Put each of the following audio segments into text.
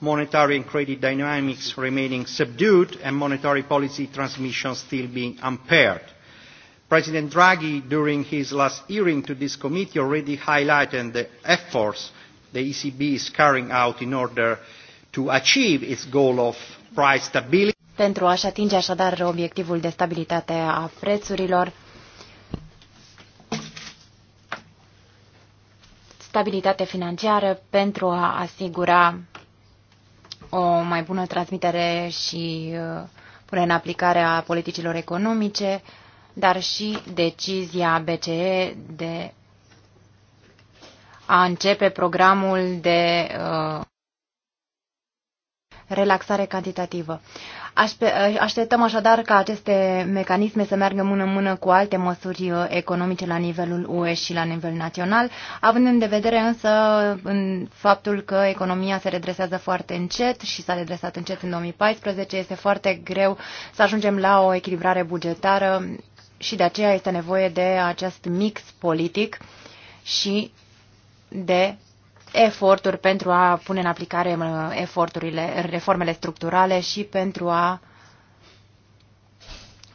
monetary and credit dynamics remaining subdued and monetary policy transmission still being impaired. President Draghi, during his last hearing to this committee, already highlighted the efforts the ECB is carrying out in order to achieve its goal of price stability. Pentru a-și atinge așadar obiectivul de stabilitate a prețurilor, stabilitate financiară pentru a asigura o mai bună transmitere și uh, pune în aplicare a politicilor economice, dar și decizia BCE de a începe programul de uh, relaxare cantitativă. Așteptăm așadar ca aceste mecanisme să meargă mână-mână cu alte măsuri uh, economice la nivelul UE și la nivel național, având în vedere însă în faptul că economia se redresează foarte încet și s-a redresat încet în 2014, este foarte greu să ajungem la o echilibrare bugetară și de aceea este nevoie de acest mix politic și de eforturi pentru a pune în aplicare eforturile, reformele structurale și pentru a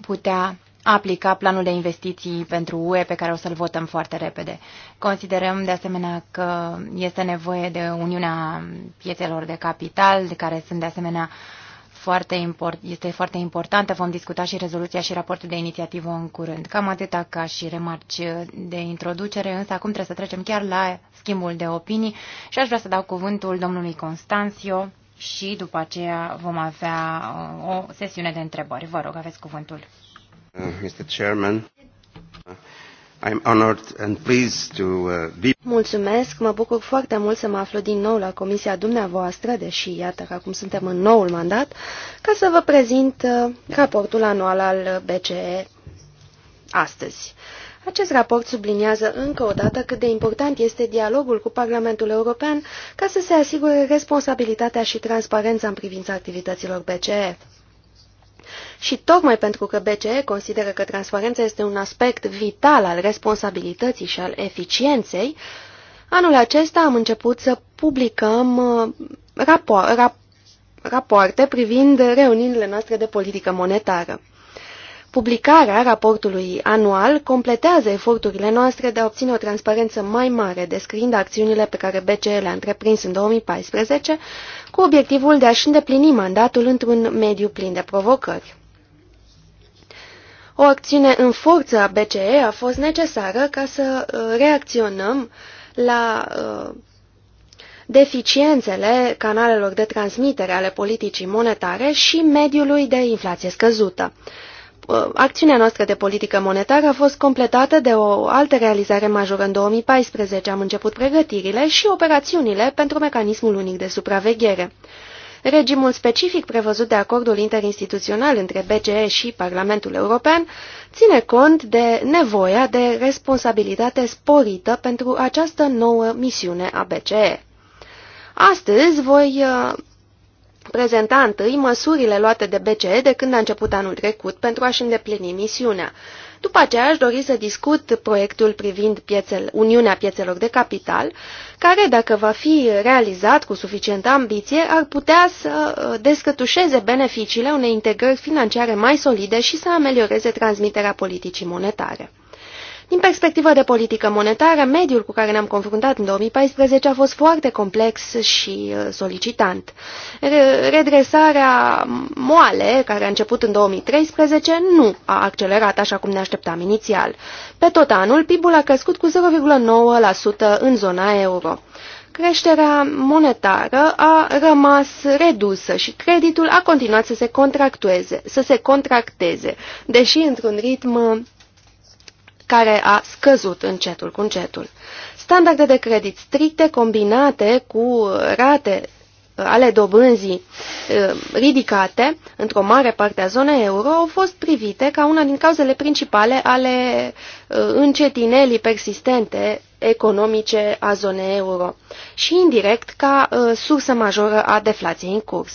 putea aplica planul de investiții pentru UE pe care o să-l votăm foarte repede. Considerăm de asemenea că este nevoie de Uniunea Piețelor de Capital, de care sunt de asemenea uh, foarte import, este foarte importantă. Vom discuta și rezoluția și raportul de inițiativă în curând. Cam atâta ca și remarci de introducere, însă acum trebuie să trecem chiar la schimbul de opinii și aș vrea să dau cuvântul domnului Constanțio și după aceea vom avea uh, o sesiune de întrebări. Vă rog, aveți cuvântul. Uh, Mr. Chairman, uh, I'm honored and pleased to uh, be... Mulțumesc, mă bucur foarte mult să mă aflu din nou la comisia dumneavoastră, deși iată că acum suntem în noul mandat, ca să vă prezint uh, raportul anual al BCE astăzi. Acest raport subliniază încă o dată cât de important este dialogul cu Parlamentul European ca să se asigure responsabilitatea și transparența în privința activităților BCE. Și tocmai pentru că BCE consideră că transparența este un aspect vital al responsabilității și al eficienței, anul acesta am început să publicăm uh, rapo rap rapoarte privind reuniunile noastre de politică monetară. Publicarea raportului anual completează eforturile noastre de a obține o transparență mai mare, descriind acțiunile pe care BCE le-a întreprins în 2014, cu obiectivul de a-și îndeplini mandatul într-un mediu plin de provocări. O acțiune în forță a BCE a fost necesară ca să uh, reacționăm la uh, deficiențele canalelor de transmitere ale politicii monetare și mediului de inflație scăzută. Ă, acțiunea noastră de politică monetară a fost completată de o altă realizare majoră în 2014. Am început pregătirile și operațiunile pentru mecanismul unic de supraveghere. Regimul specific prevăzut de acordul interinstituțional între BCE și Parlamentul European ține cont de nevoia de responsabilitate sporită pentru această nouă misiune a BCE. Astăzi voi ă, prezenta întâi măsurile luate de BCE de când a început anul trecut pentru a-și îndeplini misiunea. După aceea aș dori să discut proiectul privind piețel, Uniunea Piețelor de Capital, care, dacă va fi realizat cu suficientă ambiție, ar putea să uh, descătușeze beneficiile unei integrări financiare mai solide și să amelioreze transmiterea politicii monetare. Din perspectivă de politică monetară, mediul cu care ne-am confruntat în 2014 a fost foarte complex și uh, solicitant. Redresarea moale, care a început în 2013, nu a accelerat așa cum ne așteptam inițial. Pe tot anul, PIB-ul a crescut cu 0,9% în zona euro. Creșterea monetară a rămas redusă și creditul a continuat să se contracteze, să se contracteze deși într-un ritm care a scăzut încetul cu încetul. Standarde de credit stricte combinate cu rate ale dobânzii eh, ridicate într-o mare parte a zonei euro au fost privite ca una din cauzele principale ale eh, încetinelii persistente economice a zonei euro și indirect ca eh, sursă majoră a deflației în curs.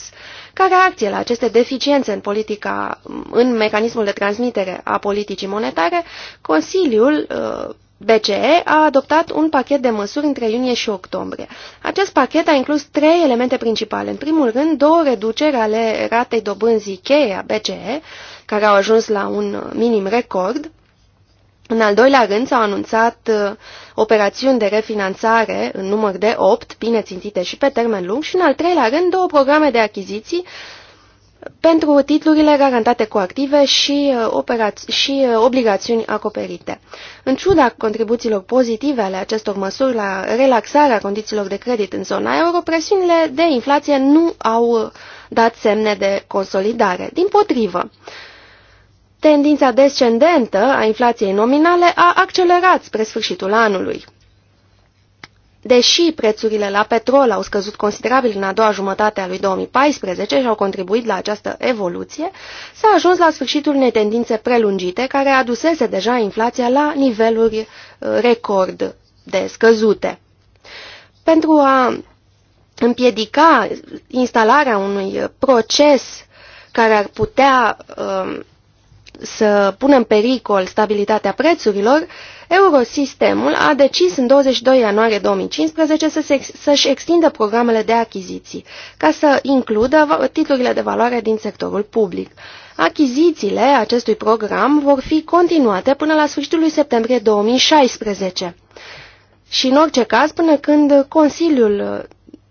Ca reacție la aceste deficiențe în politica, în mecanismul de transmitere a politicii monetare, Consiliul uh, BCE a adoptat un pachet de măsuri între iunie și octombrie. Acest pachet a inclus trei elemente principale. În primul rând, două reduceri ale ratei dobânzii cheie a BCE, care au ajuns la un minim record, în al doilea rând s-au anunțat uh, operațiuni de refinanțare în număr de 8, bine țintite și pe termen lung, și în al treilea rând două programe de achiziții pentru titlurile garantate cu active și, uh, și uh, obligațiuni acoperite. În ciuda contribuțiilor pozitive ale acestor măsuri la relaxarea condițiilor de credit în zona euro, presiunile de inflație nu au dat semne de consolidare. Din potrivă, tendința descendentă a inflației nominale a accelerat spre sfârșitul anului. Deși prețurile la petrol au scăzut considerabil în a doua jumătate a lui 2014 și au contribuit la această evoluție, s-a ajuns la sfârșitul unei tendințe prelungite care adusese deja inflația la niveluri uh, record de scăzute. Pentru a împiedica instalarea unui proces care ar putea uh, să pună în pericol stabilitatea prețurilor, Eurosistemul a decis în 22 ianuarie 2015 să-și extindă programele de achiziții, ca să includă titlurile de valoare din sectorul public. Achizițiile acestui program vor fi continuate până la sfârșitul lui septembrie 2016. Și în orice caz, până când Consiliul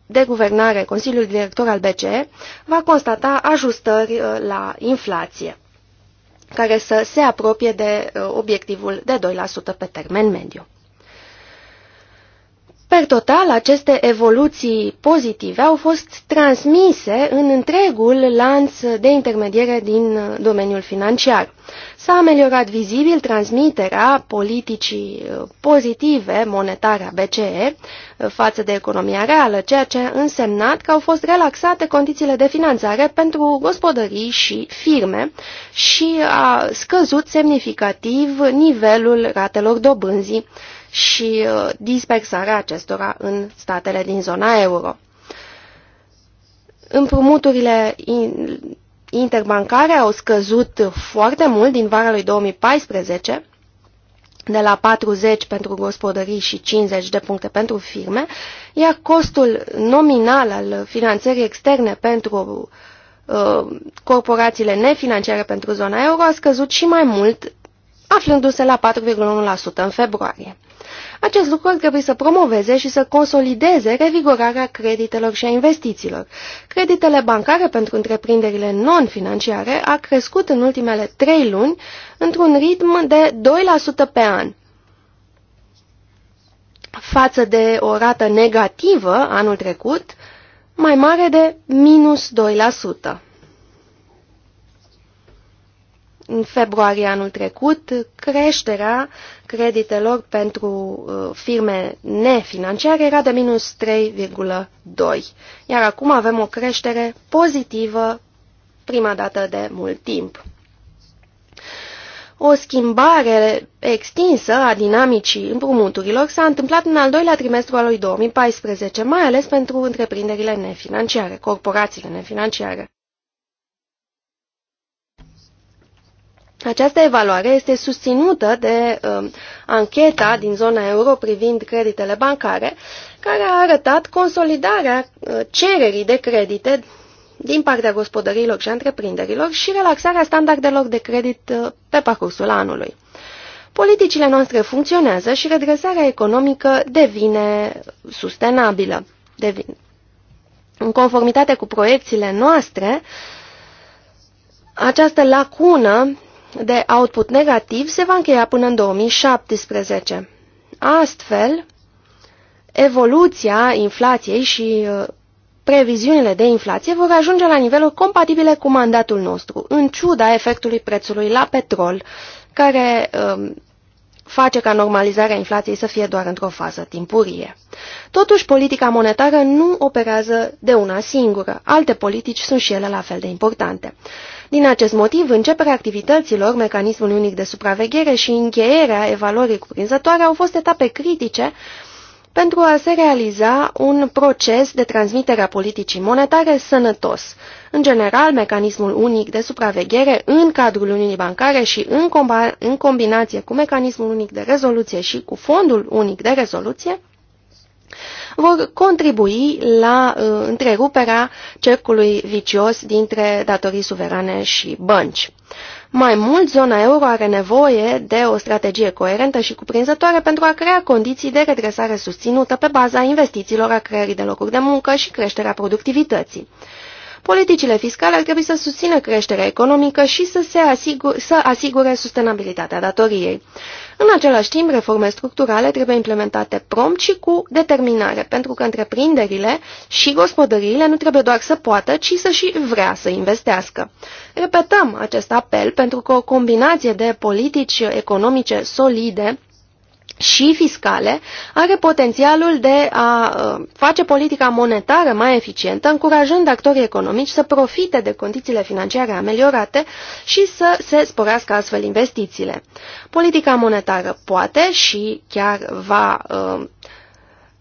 de Guvernare, Consiliul Director al BCE, va constata ajustări uh, la inflație care să se apropie de uh, obiectivul de 2% pe termen mediu. Per total, aceste evoluții pozitive au fost transmise în întregul lanț de intermediere din domeniul financiar. S-a ameliorat vizibil transmiterea politicii pozitive monetare a BCE față de economia reală, ceea ce a însemnat că au fost relaxate condițiile de finanțare pentru gospodării și firme și a scăzut semnificativ nivelul ratelor dobânzii și uh, dispersarea acestora în statele din zona euro. Împrumuturile interbancare au scăzut foarte mult din vara lui 2014, de la 40 pentru gospodării și 50 de puncte pentru firme, iar costul nominal al finanțării externe pentru uh, corporațiile nefinanciare pentru zona euro a scăzut și mai mult, aflându-se la 4,1% în februarie. Acest lucru ar trebui să promoveze și să consolideze revigorarea creditelor și a investițiilor. Creditele bancare pentru întreprinderile non-financiare a crescut în ultimele trei luni într-un ritm de 2% pe an față de o rată negativă anul trecut, mai mare de minus 2% în februarie anul trecut, creșterea creditelor pentru uh, firme nefinanciare era de minus 3,2, iar acum avem o creștere pozitivă prima dată de mult timp. O schimbare extinsă a dinamicii împrumuturilor s-a întâmplat în al doilea trimestru al lui 2014, mai ales pentru întreprinderile nefinanciare, corporațiile nefinanciare. Această evaluare este susținută de uh, ancheta din zona euro privind creditele bancare, care a arătat consolidarea uh, cererii de credite din partea gospodăriilor și întreprinderilor și relaxarea standardelor de credit uh, pe parcursul anului. Politicile noastre funcționează și redresarea economică devine sustenabilă. Devine. În conformitate cu proiecțiile noastre, această lacună de output negativ se va încheia până în 2017. Astfel, evoluția inflației și uh, previziunile de inflație vor ajunge la niveluri compatibile cu mandatul nostru, în ciuda efectului prețului la petrol, care um, face ca normalizarea inflației să fie doar într-o fază timpurie. Totuși, politica monetară nu operează de una singură. Alte politici sunt și ele la fel de importante. Din acest motiv, începerea activităților, mecanismul unic de supraveghere și încheierea evaluării cuprinzătoare au fost etape critice pentru a se realiza un proces de transmitere a politicii monetare sănătos. În general, mecanismul unic de supraveghere în cadrul Uniunii Bancare și în, comba în combinație cu mecanismul unic de rezoluție și cu fondul unic de rezoluție vor contribui la uh, întreruperea cercului vicios dintre datorii suverane și bănci. Mai mult, zona euro are nevoie de o strategie coerentă și cuprinzătoare pentru a crea condiții de redresare susținută pe baza investițiilor a creării de locuri de muncă și creșterea productivității. Politicile fiscale ar trebui să susțină creșterea economică și să, se asigur, să asigure sustenabilitatea datoriei. În același timp, reforme structurale trebuie implementate prompt și cu determinare, pentru că întreprinderile și gospodăriile nu trebuie doar să poată, ci să și vrea să investească. Repetăm acest apel pentru că o combinație de politici economice solide și fiscale, are potențialul de a uh, face politica monetară mai eficientă, încurajând actorii economici să profite de condițiile financiare ameliorate și să se sporească astfel investițiile. Politica monetară poate și chiar va uh,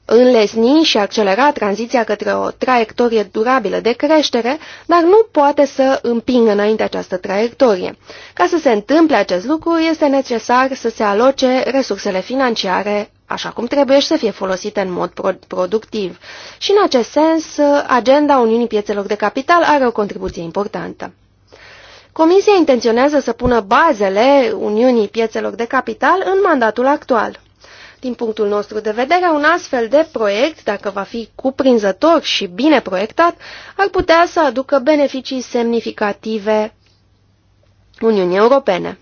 înlesni și accelera tranziția către o traiectorie durabilă de creștere, dar nu poate să împingă înainte această traiectorie. Ca să se întâmple acest lucru, este necesar să se aloce resursele financiare așa cum trebuie și să fie folosite în mod productiv. Și în acest sens, agenda Uniunii Piețelor de Capital are o contribuție importantă. Comisia intenționează să pună bazele Uniunii Piețelor de Capital în mandatul actual. Din punctul nostru de vedere, un astfel de proiect, dacă va fi cuprinzător și bine proiectat, ar putea să aducă beneficii semnificative Uniunii Europene.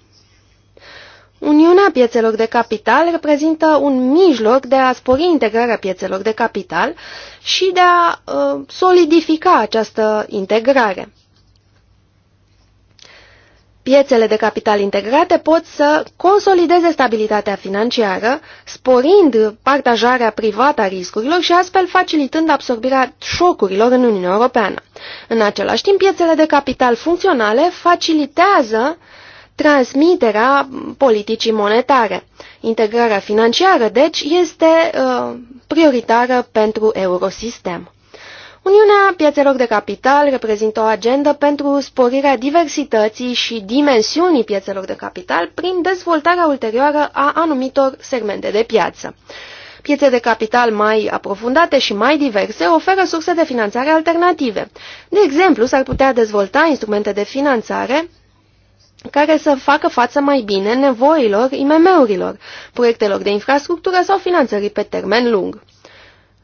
Uniunea piețelor de capital reprezintă un mijloc de a spori integrarea piețelor de capital și de a uh, solidifica această integrare. Piețele de capital integrate pot să consolideze stabilitatea financiară, sporind partajarea privată a riscurilor și astfel facilitând absorbirea șocurilor în Uniunea Europeană. În același timp, piețele de capital funcționale facilitează transmiterea politicii monetare. Integrarea financiară, deci, este uh, prioritară pentru eurosistem. Uniunea piețelor de capital reprezintă o agendă pentru sporirea diversității și dimensiunii piețelor de capital prin dezvoltarea ulterioară a anumitor segmente de piață. Piețe de capital mai aprofundate și mai diverse oferă surse de finanțare alternative. De exemplu, s-ar putea dezvolta instrumente de finanțare care să facă față mai bine nevoilor IMM-urilor, proiectelor de infrastructură sau finanțării pe termen lung.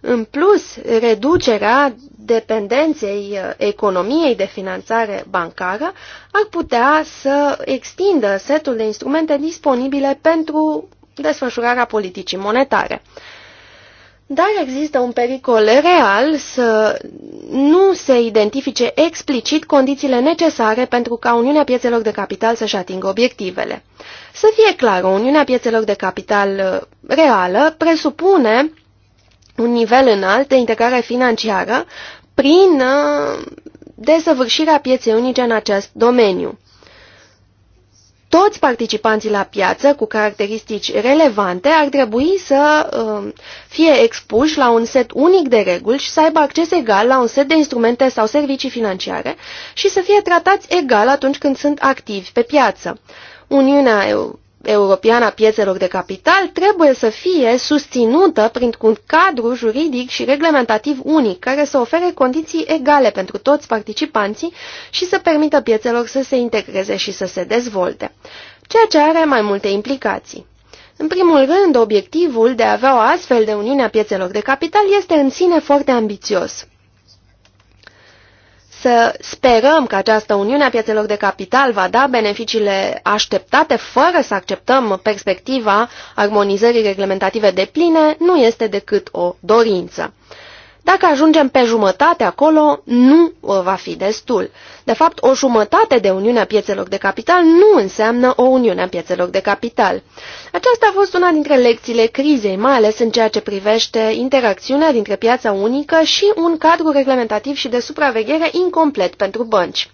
În plus, reducerea dependenței uh, economiei de finanțare bancară ar putea să extindă setul de instrumente disponibile pentru desfășurarea politicii monetare. Dar există un pericol real să nu se identifice explicit condițiile necesare pentru ca Uniunea Piețelor de Capital să-și atingă obiectivele. Să fie clar, Uniunea Piețelor de Capital uh, reală presupune un nivel înalt de integrare financiară prin uh, desăvârșirea pieței unice în acest domeniu. Toți participanții la piață cu caracteristici relevante ar trebui să uh, fie expuși la un set unic de reguli și să aibă acces egal la un set de instrumente sau servicii financiare și să fie tratați egal atunci când sunt activi pe piață. Uniunea europeană a piețelor de capital trebuie să fie susținută printr-un cadru juridic și reglementativ unic care să ofere condiții egale pentru toți participanții și să permită piețelor să se integreze și să se dezvolte, ceea ce are mai multe implicații. În primul rând, obiectivul de a avea o astfel de uniune a piețelor de capital este în sine foarte ambițios. Să sperăm că această Uniune a Piețelor de Capital va da beneficiile așteptate fără să acceptăm perspectiva armonizării reglementative de pline nu este decât o dorință. Dacă ajungem pe jumătate acolo, nu uh, va fi destul. De fapt, o jumătate de Uniunea Piețelor de Capital nu înseamnă o Uniune a Piețelor de Capital. Aceasta a fost una dintre lecțiile crizei, mai ales în ceea ce privește interacțiunea dintre piața unică și un cadru reglementativ și de supraveghere incomplet pentru bănci.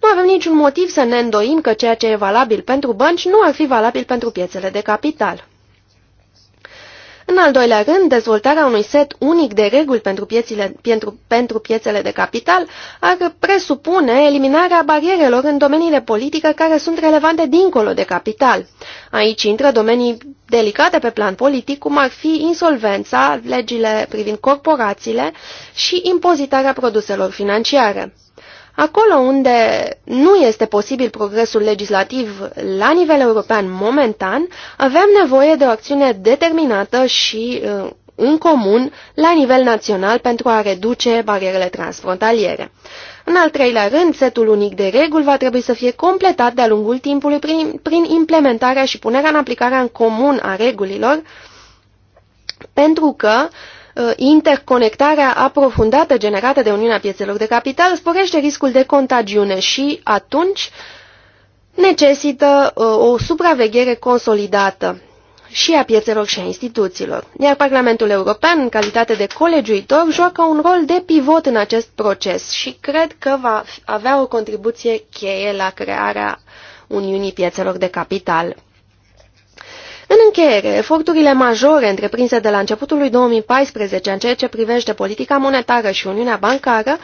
Nu avem niciun motiv să ne îndoim că ceea ce e valabil pentru bănci nu ar fi valabil pentru piețele de capital. În al doilea rând, dezvoltarea unui set unic de reguli pentru, piețile, pentru, pentru piețele de capital ar presupune eliminarea barierelor în domeniile politică care sunt relevante dincolo de capital. Aici intră domenii delicate pe plan politic, cum ar fi insolvența, legile privind corporațiile și impozitarea produselor financiare. Acolo unde nu este posibil progresul legislativ la nivel european momentan, avem nevoie de o acțiune determinată și uh, în comun la nivel național pentru a reduce barierele transfrontaliere. În al treilea rând, setul unic de reguli va trebui să fie completat de-a lungul timpului prin, prin implementarea și punerea în aplicare în comun a regulilor, pentru că uh, Uh, interconectarea aprofundată generată de Uniunea Piețelor de Capital sporește riscul de contagiune și, atunci, necesită uh, o supraveghere consolidată și a piețelor și a instituțiilor. Iar Parlamentul European, în calitate de colegiuitor, joacă un rol de pivot în acest proces și cred că va avea o contribuție cheie la crearea Uniunii Piețelor de Capital. În încheiere, eforturile majore întreprinse de la începutul lui 2014 în ceea ce privește politica monetară și Uniunea Bancară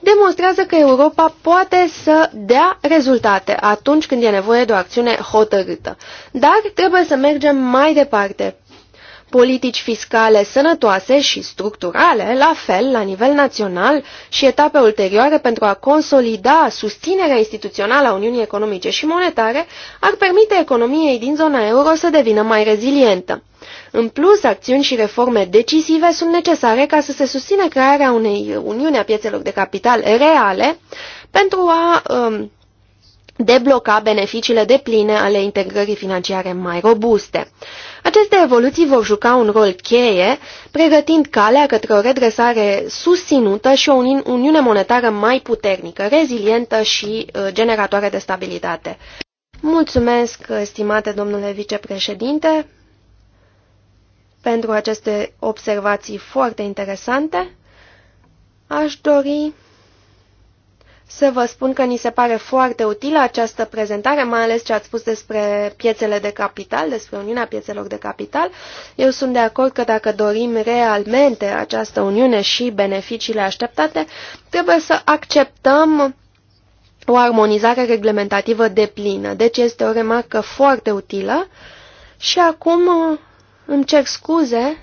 demonstrează că Europa poate să dea rezultate atunci când e nevoie de o acțiune hotărâtă. Dar trebuie să mergem mai departe politici fiscale sănătoase și structurale, la fel la nivel național și etape ulterioare pentru a consolida susținerea instituțională a Uniunii Economice și Monetare, ar permite economiei din zona euro să devină mai rezilientă. În plus, acțiuni și reforme decisive sunt necesare ca să se susțină crearea unei Uniuni a piețelor de capital reale pentru a um, debloca beneficiile de pline ale integrării financiare mai robuste. Aceste evoluții vor juca un rol cheie, pregătind calea către o redresare susținută și o uniune monetară mai puternică, rezilientă și uh, generatoare de stabilitate. Mulțumesc, uh, stimate domnule vicepreședinte, pentru aceste observații foarte interesante. Aș dori să vă spun că ni se pare foarte utilă această prezentare, mai ales ce ați spus despre piețele de capital, despre Uniunea Piețelor de Capital. Eu sunt de acord că dacă dorim realmente această Uniune și beneficiile așteptate, trebuie să acceptăm o armonizare reglementativă de plină. Deci este o remarcă foarte utilă. Și acum uh, îmi cer scuze,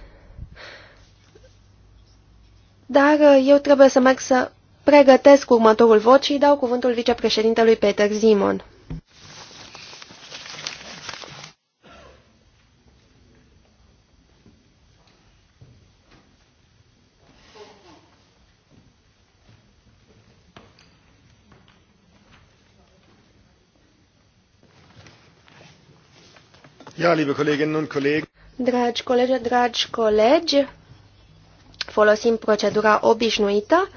dar uh, eu trebuie să merg să pregătesc următorul vot și îi dau cuvântul vicepreședintelui Peter Zimon. Ja, liebe Kolleginnen und Kollegen. Dragi colegi, dragi colegi, folosim procedura obișnuită.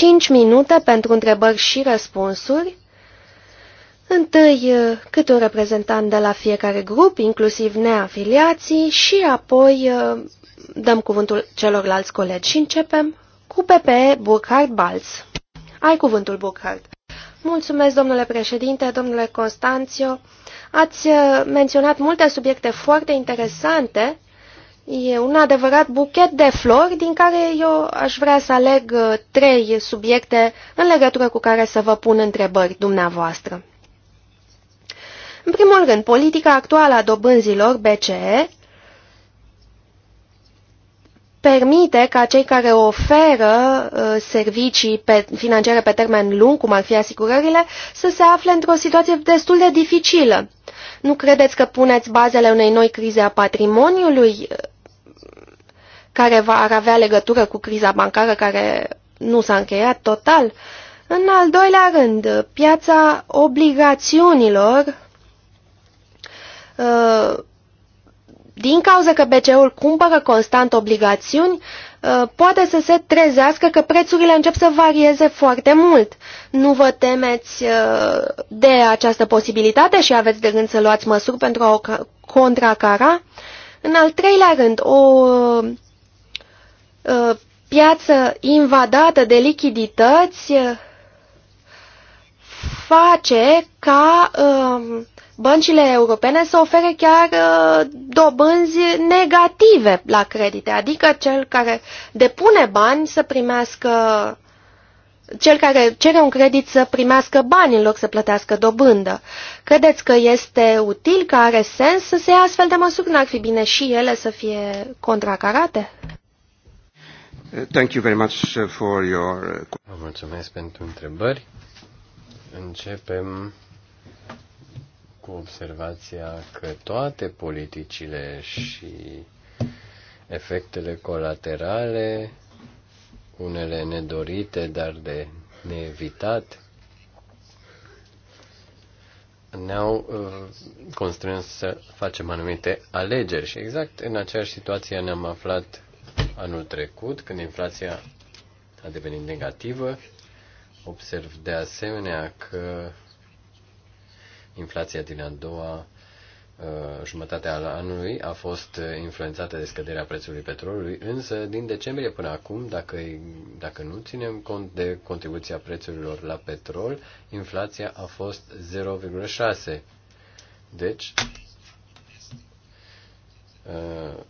5 minute pentru întrebări și răspunsuri. Întâi eh, câte un reprezentant de la fiecare grup, inclusiv neafiliații, și apoi eh, dăm cuvântul celorlalți colegi și începem cu PPE Burkhard Balz. Ai cuvântul, Burkhard. Mulțumesc, domnule președinte, domnule Constanțio. Ați eh, menționat multe subiecte foarte interesante E un adevărat buchet de flori din care eu aș vrea să aleg uh, trei subiecte în legătură cu care să vă pun întrebări dumneavoastră. În primul rând, politica actuală a dobânzilor BCE permite ca cei care oferă uh, servicii financiare pe termen lung, cum ar fi asigurările, să se afle într-o situație destul de dificilă. Nu credeți că puneți bazele unei noi crize a patrimoniului care va, ar avea legătură cu criza bancară care nu s-a încheiat total. În al doilea rând, piața obligațiunilor, uh, din cauza că BCE-ul cumpără constant obligațiuni, uh, poate să se trezească că prețurile încep să varieze foarte mult. Nu vă temeți uh, de această posibilitate și aveți de gând să luați măsuri pentru a o contracara? În al treilea rând, o Uh, piață invadată de lichidități uh, face ca uh, băncile europene să ofere chiar dobânzi negative la credite, adică cel care depune bani să primească cel care cere un credit să primească bani în loc să plătească dobândă. Credeți că este util, că are sens să se ia astfel de măsuri? N-ar fi bine și ele să fie contracarate? Thank you very much uh, for your... Uh, Vă mulțumesc pentru întrebări. Începem cu observația că toate politicile și efectele colaterale, unele nedorite, dar de neevitat, ne-au uh, constrâns să facem anumite alegeri și exact în aceeași situație ne-am aflat anul trecut, când inflația a devenit negativă. Observ de asemenea că inflația din a doua uh, jumătate al anului a fost influențată de scăderea prețului petrolului, însă din decembrie până acum, dacă, dacă nu ținem cont de contribuția prețurilor la petrol, inflația a fost 0,6. Deci, uh,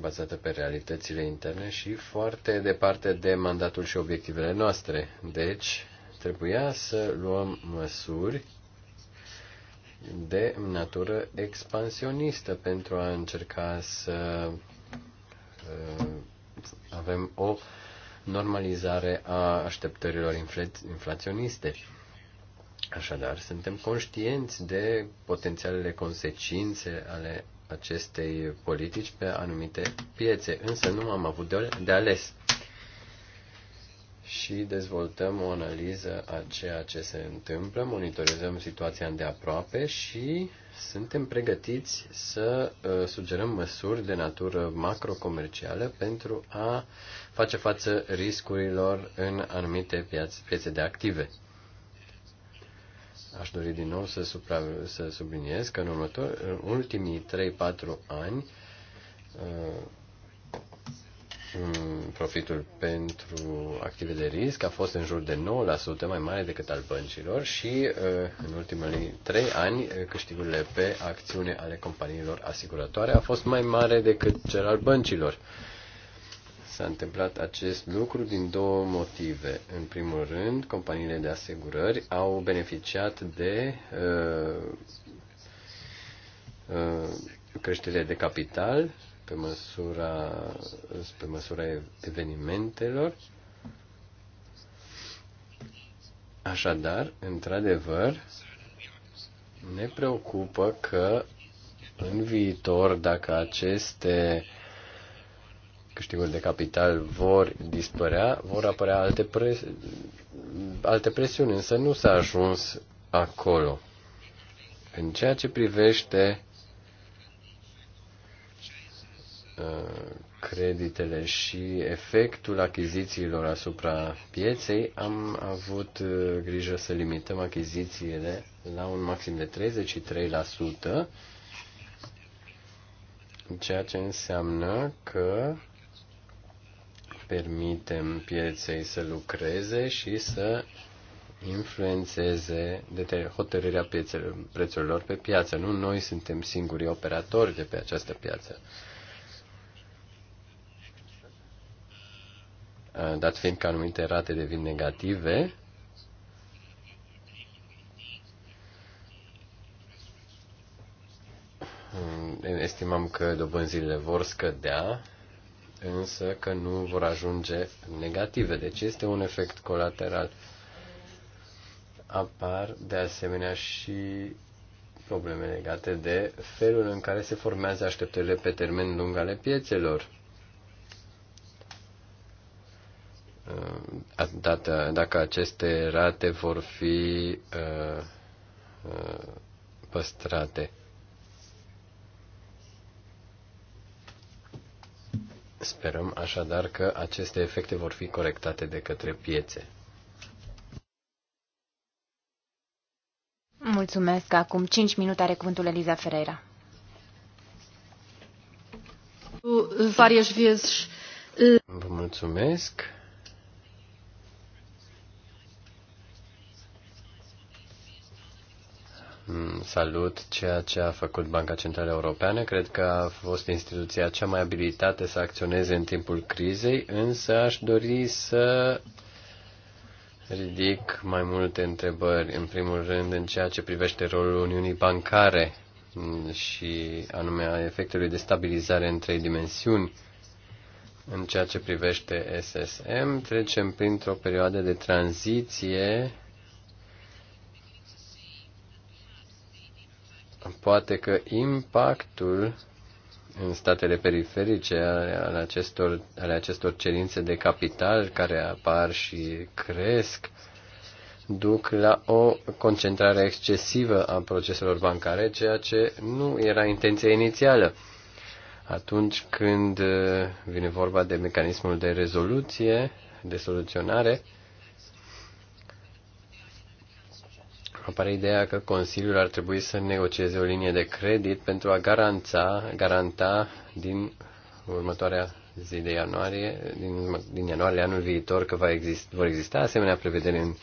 bazată pe realitățile interne și foarte departe de mandatul și obiectivele noastre. Deci, trebuia să luăm măsuri de natură expansionistă pentru a încerca să uh, avem o normalizare a așteptărilor infl- inflaționiste. Așadar, suntem conștienți de potențialele consecințe ale acestei politici pe anumite piețe, însă nu am avut de ales. Și dezvoltăm o analiză a ceea ce se întâmplă, monitorizăm situația de aproape și suntem pregătiți să uh, sugerăm măsuri de natură macrocomercială pentru a face față riscurilor în anumite piețe de active. Aș dori din nou să, supra, să subliniez că în, următor, în ultimii 3-4 ani uh, um, profitul pentru active de risc a fost în jur de 9% mai mare decât al băncilor și uh, în ultimele 3 ani uh, câștigurile pe acțiune ale companiilor asiguratoare a fost mai mare decât cel al băncilor. S-a întâmplat acest lucru din două motive. În primul rând, companiile de asigurări au beneficiat de uh, uh, creștere de capital pe măsura, pe măsura evenimentelor. Așadar, într-adevăr, ne preocupă că în viitor, dacă aceste uh, câștiguri de capital vor dispărea, vor apărea alte, pres- alte presiuni, însă nu s-a ajuns acolo. În ceea ce privește uh, creditele și efectul achizițiilor asupra pieței, am avut uh, grijă să limităm achizițiile la un maxim de 33%, ceea ce înseamnă că permitem pieței să lucreze și să influențeze hotărârea prețurilor pe piață. Nu noi suntem singurii operatori de pe această piață. Dat fiind că anumite rate devin negative, estimam că dobânzile vor scădea însă că nu vor ajunge negative. Deci este un efect colateral. Apar de asemenea și probleme legate de felul în care se formează așteptările pe termen lung ale piețelor. Uh, dacă aceste rate vor fi uh, uh, păstrate. Sperăm așadar că aceste efecte vor fi corectate de către piețe. Mulțumesc. Acum 5 minute are cuvântul Eliza Ferreira. Eh, Vă mulțumesc. Mm, salut ceea ce a făcut Banca Centrală Europeană. Cred că a fost instituția cea mai abilitată să acționeze în timpul crizei, însă aș dori să ridic mai multe întrebări. În primul rând, în ceea ce privește rolul Uniunii Bancare și anume a efectului de stabilizare în trei dimensiuni. În ceea ce privește SSM, trecem printr-o perioadă de tranziție poate că impactul în statele periferice ale acestor, ale acestor cerințe de capital care apar și cresc duc la o concentrare excesivă a proceselor bancare, ceea ce nu era intenția inițială. Atunci când uh, vine vorba de mecanismul de rezoluție, de soluționare, apare ideea că Consiliul ar trebui să negocieze o linie de credit pentru a garanta, garanta din următoarea zi de ianuarie, din, din ianuarie anul viitor, că va exist, vor exista asemenea prevederi în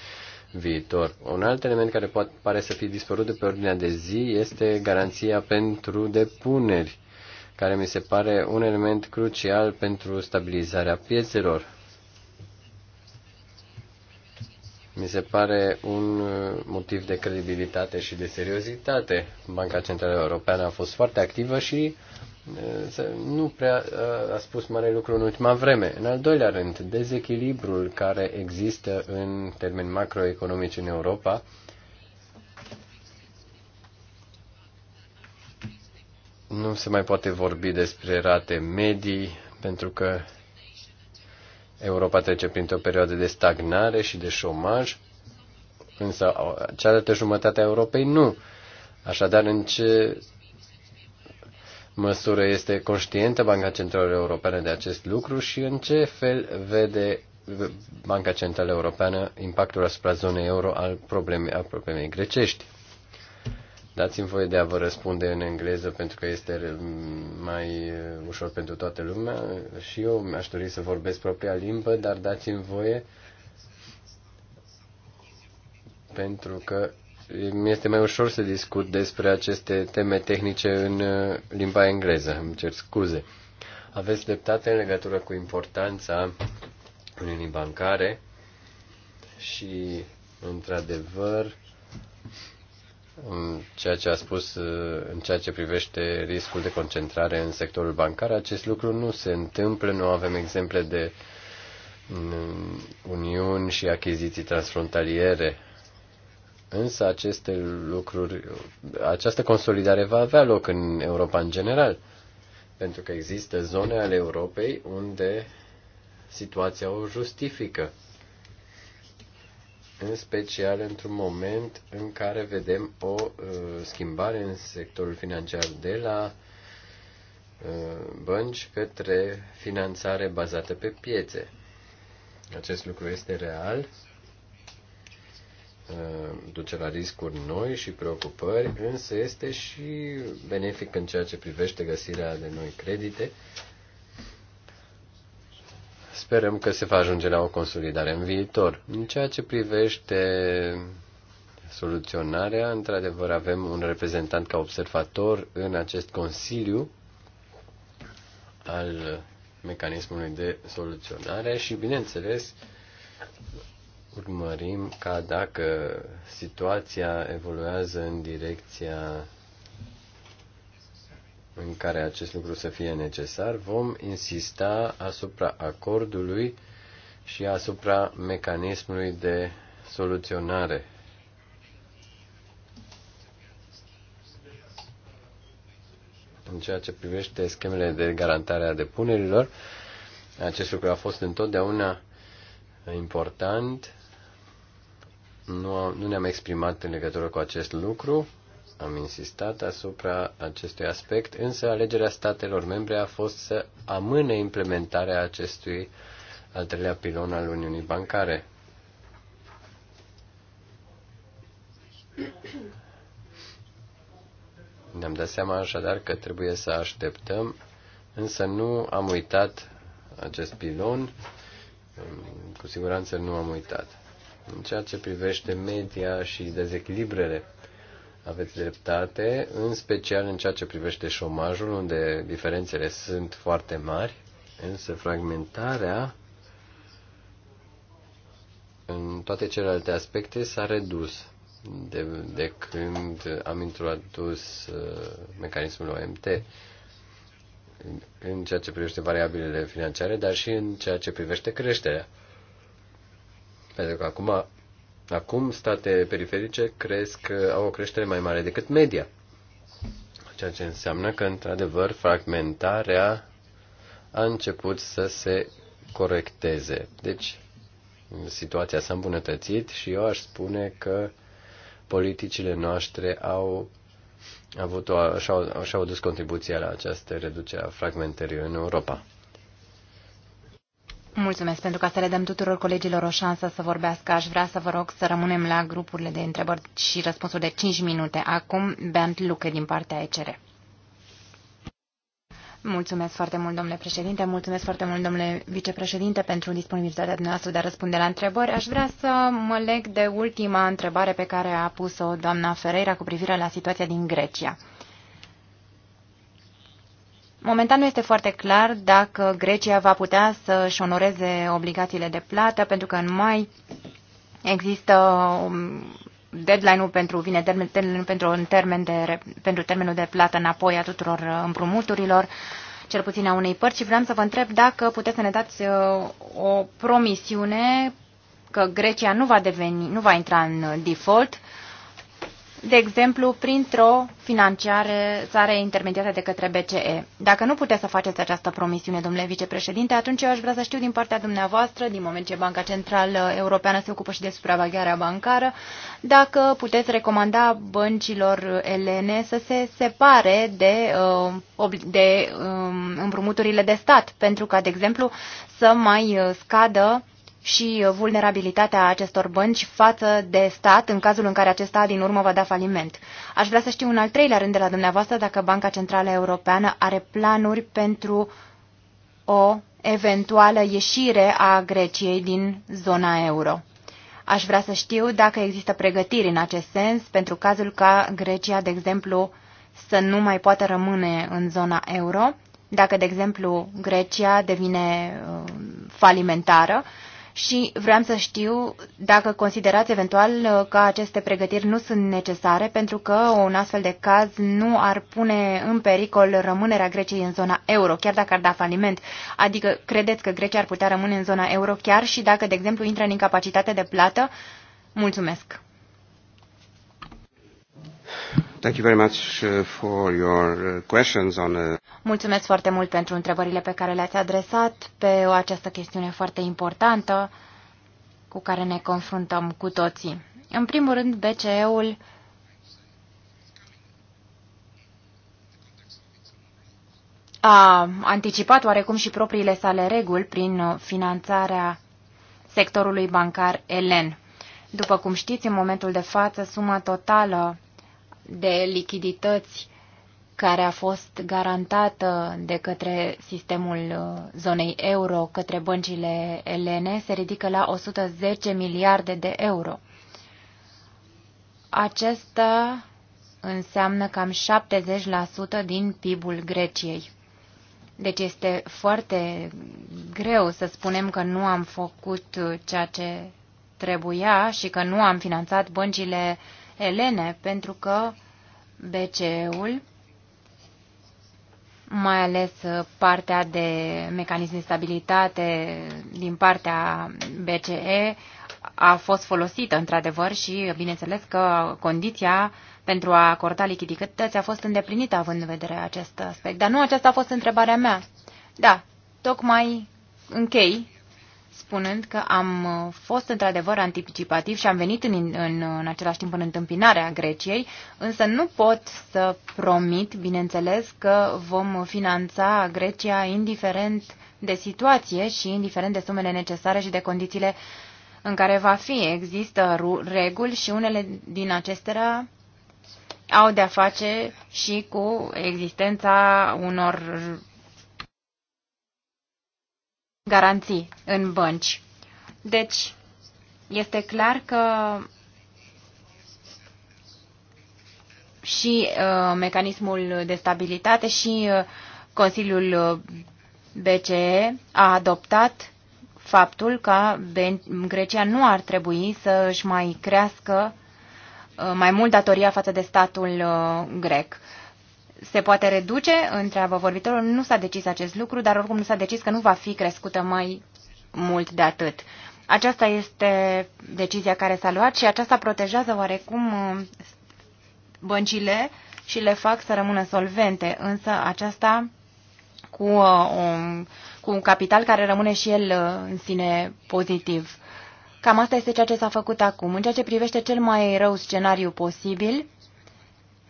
viitor. Un alt element care poate, pare să fie dispărut de pe ordinea de zi este garanția pentru depuneri, care mi se pare un element crucial pentru stabilizarea piețelor Mi se pare un uh, motiv de credibilitate și de seriozitate. Banca Centrală Europeană a fost foarte activă și uh, nu prea uh, a spus mare lucru în ultima vreme. În al doilea rând, dezechilibrul care există în termeni macroeconomici în Europa nu se mai poate vorbi despre rate medii, pentru că Europa trece printr-o perioadă de stagnare și de șomaj, însă cealaltă jumătate a Europei nu. Așadar, în ce măsură este conștientă Banca Centrală Europeană de acest lucru și în ce fel vede Banca Centrală Europeană impactul asupra zonei euro al problemei, al problemei grecești? Dați-mi voie de a vă răspunde în engleză pentru că este mai uh, ușor pentru toată lumea și eu mi-aș dori să vorbesc propria limbă, dar dați-mi voie pentru că mi este mai ușor să discut despre aceste teme tehnice în uh, limba engleză. Îmi cer scuze. Aveți dreptate în legătură cu importanța Uniunii Bancare și, într-adevăr, în ceea ce a spus uh, în ceea ce privește riscul de concentrare în sectorul bancar. Acest lucru nu se întâmplă, nu avem exemple de mm, uniuni și achiziții transfrontaliere. Însă aceste lucruri, această consolidare va avea loc în Europa în general, pentru că există zone ale Europei unde situația o justifică în special într-un moment în care vedem o uh, schimbare în sectorul financiar de la uh, bănci către finanțare bazată pe piețe. Acest lucru este real, uh, duce la riscuri noi și preocupări, însă este și benefic în ceea ce privește găsirea de noi credite, uh, Sperăm că se va ajunge la o consolidare în viitor. În ceea ce privește soluționarea, într-adevăr avem un reprezentant ca observator în acest Consiliu al mecanismului de soluționare și, bineînțeles, urmărim ca dacă situația evoluează în direcția în care acest lucru să fie necesar, vom insista asupra acordului și asupra mecanismului de soluționare. În ceea ce privește schemele de garantare a depunerilor, acest lucru a fost întotdeauna important. Nu, nu ne-am exprimat în legătură cu acest lucru. Am insistat asupra acestui aspect, însă alegerea statelor membre a fost să amâne implementarea acestui al treilea pilon al Uniunii Bancare. Ne-am dat seama așadar că trebuie să așteptăm, însă nu am uitat acest pilon, cu siguranță nu am uitat. În ceea ce privește media și dezechilibrele, aveți dreptate, în special în ceea ce privește șomajul, unde diferențele sunt foarte mari, însă fragmentarea în toate celelalte aspecte s-a redus de, de când am introdus uh, mecanismul OMT în ceea ce privește variabilele financiare, dar și în ceea ce privește creșterea. Pentru că acum Acum state periferice cresc, au o creștere mai mare decât media, ceea ce înseamnă că, într-adevăr, fragmentarea a început să se corecteze. Deci, situația s-a îmbunătățit și eu aș spune că politicile noastre au avut o, și-au, și-au dus contribuția la această reducere a fragmentării în Europa. Mulțumesc pentru ca să le dăm tuturor colegilor o șansă să vorbească. Aș vrea să vă rog să rămânem la grupurile de întrebări și răspunsuri de 5 minute. Acum, Bernd Lucă din partea ECR. Mulțumesc foarte mult, domnule președinte, mulțumesc foarte mult, domnule vicepreședinte, pentru disponibilitatea dumneavoastră de a răspunde la întrebări. Aș vrea să mă leg de ultima întrebare pe care a pus-o doamna Ferreira cu privire la situația din Grecia. Momentan nu este foarte clar dacă Grecia va putea să-și onoreze obligațiile de plată, pentru că în mai există deadline-ul pentru, vine pentru, un termen de, pentru termenul de plată înapoi a tuturor împrumuturilor, cel puțin a unei părți, și vreau să vă întreb dacă puteți să ne dați uh, o promisiune că Grecia nu va, deveni, nu va intra în default, uh, de exemplu, printr-o finanțare intermediată de către BCE. Dacă nu puteți să faceți această promisiune, domnule vicepreședinte, atunci eu aș vrea să știu din partea dumneavoastră, din moment ce Banca Centrală Europeană se ocupă și de supravegherea bancară, dacă puteți recomanda băncilor elene să se separe de, uh, de um, împrumuturile de stat, pentru ca, de exemplu, să mai scadă și vulnerabilitatea acestor bănci față de stat în cazul în care acesta din urmă va da faliment. Aș vrea să știu un al treilea rând de la dumneavoastră dacă Banca Centrală Europeană are planuri pentru o eventuală ieșire a Greciei din zona euro. Aș vrea să știu dacă există pregătiri în acest sens pentru cazul ca Grecia, de exemplu, să nu mai poată rămâne în zona euro, dacă, de exemplu, Grecia devine uh, falimentară și vreau să știu dacă considerați eventual uh, că aceste pregătiri nu sunt necesare pentru că un astfel de caz nu ar pune în pericol rămânerea Greciei în zona euro, chiar dacă ar da faliment. Adică credeți că Grecia ar putea rămâne în zona euro chiar și dacă, de exemplu, intră în incapacitate de plată? Mulțumesc! Thank you very much uh, for your uh, questions on Mulțumesc foarte mult pentru întrebările pe care le-ați adresat pe o această chestiune foarte importantă cu care ne confruntăm cu toții. În primul rând, BCE-ul a anticipat oarecum și propriile sale reguli prin finanțarea sectorului bancar elen. După cum știți, în momentul de față, suma totală de lichidități care a fost garantată de către sistemul uh, zonei euro, către băncile elene, se ridică la 110 miliarde de euro. Acesta înseamnă cam 70% din PIB-ul Greciei. Deci este foarte greu să spunem că nu am făcut uh, ceea ce trebuia și că nu am finanțat băncile elene, pentru că BCE-ul mai ales uh, partea de mecanism de stabilitate din partea BCE a fost folosită într-adevăr și bineînțeles că condiția pentru a acorda lichidități a fost îndeplinită având în vedere acest aspect. Dar nu aceasta a fost întrebarea mea. Da, tocmai închei spunând că am uh, fost într-adevăr anticipativ și am venit în, în, în același timp în întâmpinarea Greciei, însă nu pot să promit, bineînțeles, că vom finanța Grecia indiferent de situație și indiferent de sumele necesare și de condițiile în care va fi. Există reguli și unele din acestea au de-a face și cu existența unor garanții în bănci. Deci, este clar că și uh, mecanismul de stabilitate și uh, Consiliul uh, BCE a adoptat faptul că Grecia nu ar trebui să își mai crească uh, mai mult datoria față de statul uh, grec se poate reduce, întreabă vorbitorul. Nu s-a decis acest lucru, dar oricum nu s-a decis că nu va fi crescută mai mult de atât. Aceasta este decizia care s-a luat și aceasta protejează oarecum uh, băncile și le fac să rămână solvente, însă aceasta cu, uh, un, cu un capital care rămâne și el uh, în sine pozitiv. Cam asta este ceea ce s-a făcut acum. În ceea ce privește cel mai rău scenariu posibil,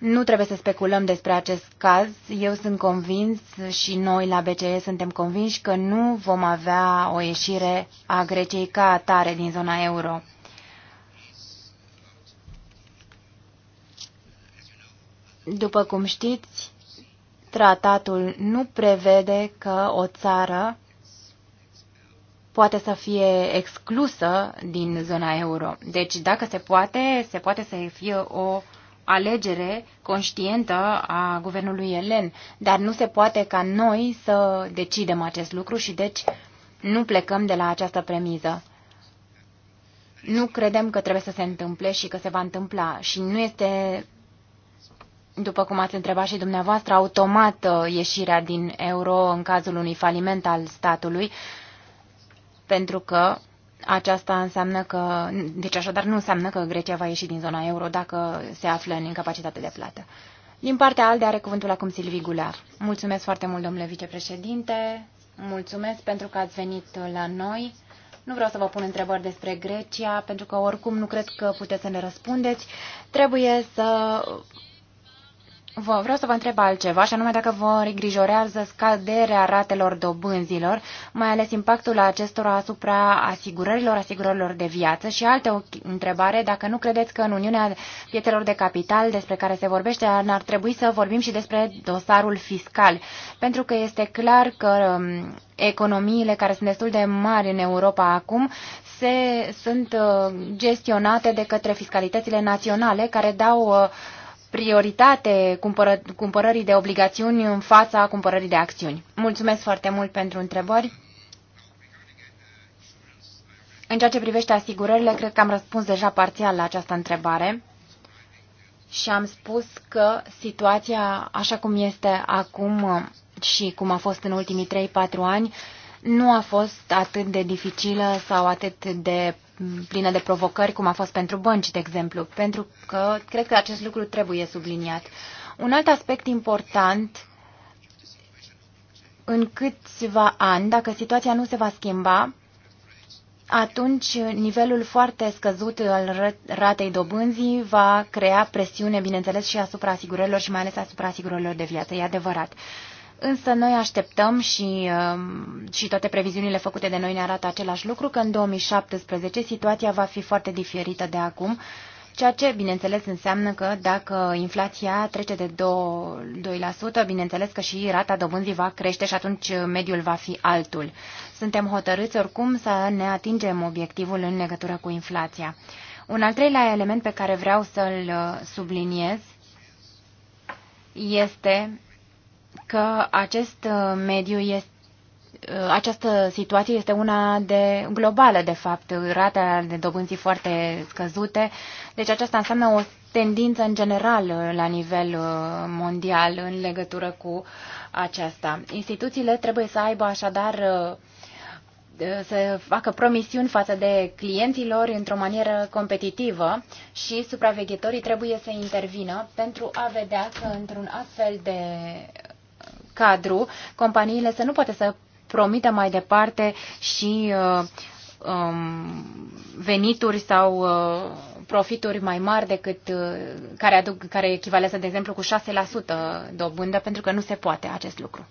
nu trebuie să speculăm despre acest caz. Eu sunt convins și noi la BCE suntem convinși că nu vom avea o ieșire a Greciei ca atare din zona euro. După cum știți, tratatul nu prevede că o țară poate să fie exclusă din zona euro. Deci, dacă se poate, se poate să fie o uh, alegere conștientă a guvernului elen, dar nu se poate ca noi să decidem acest lucru și deci nu plecăm de la această premiză. Nu credem că trebuie să se întâmple și că se va întâmpla și nu este, după cum ați întrebat și dumneavoastră, automat uh, ieșirea din euro în cazul unui faliment al statului, pentru că aceasta înseamnă că, deci așadar nu înseamnă că Grecia va ieși din zona euro dacă se află în incapacitate de plată. Din partea ALDE are cuvântul acum Silvi Gular. Mulțumesc foarte mult, domnule vicepreședinte. Mulțumesc pentru că ați venit la noi. Nu vreau să vă pun întrebări despre Grecia, pentru că oricum nu cred că puteți să ne răspundeți. Trebuie să Vă, vreau să vă întreb altceva, și anume dacă vă îngrijorează scaderea ratelor dobânzilor, mai ales impactul acestora asupra asigurărilor, asigurărilor de viață și alte întrebare, dacă nu credeți că în Uniunea Pietelor de Capital despre care se vorbește ar trebui să vorbim și despre dosarul fiscal, pentru că este clar că um, economiile care sunt destul de mari în Europa acum se, sunt uh, gestionate de către fiscalitățile naționale care dau uh, prioritate cumpără, cumpărării de obligațiuni în fața cumpărării de acțiuni. Mulțumesc foarte mult pentru întrebări. În ceea ce privește asigurările, cred că am răspuns deja parțial la această întrebare și am spus că situația așa cum este acum și cum a fost în ultimii 3-4 ani nu a fost atât de dificilă sau atât de plină de provocări, cum a fost pentru bănci, de exemplu, pentru că cred că acest lucru trebuie subliniat. Un alt aspect important, în câțiva ani, dacă situația nu se va schimba, atunci nivelul foarte scăzut al ratei dobânzii va crea presiune, bineînțeles, și asupra asigurărilor și mai ales asupra asigurărilor de viață. E adevărat. Însă noi așteptăm și, um, și toate previziunile făcute de noi ne arată același lucru, că în 2017 situația va fi foarte diferită de acum, ceea ce, bineînțeles, înseamnă că dacă inflația trece de 2%, 2% bineînțeles că și rata dobânzii va crește și atunci mediul va fi altul. Suntem hotărâți oricum să ne atingem obiectivul în legătură cu inflația. Un al treilea element pe care vreau să-l uh, subliniez este că acest uh, mediu este uh, această situație este una de globală, de fapt, rata de dobânzii foarte scăzute. Deci aceasta înseamnă o tendință în general uh, la nivel mondial în legătură cu aceasta. Instituțiile trebuie să aibă așadar să facă promisiuni față de clienții lor într-o manieră competitivă și supraveghetorii trebuie să intervină pentru a vedea că într-un astfel de cadru, companiile să nu poate să promită mai departe și uh, um, venituri sau uh, profituri mai mari decât uh, care, aduc, care echivalează, de exemplu, cu 6% dobândă, pentru că nu se poate acest lucru.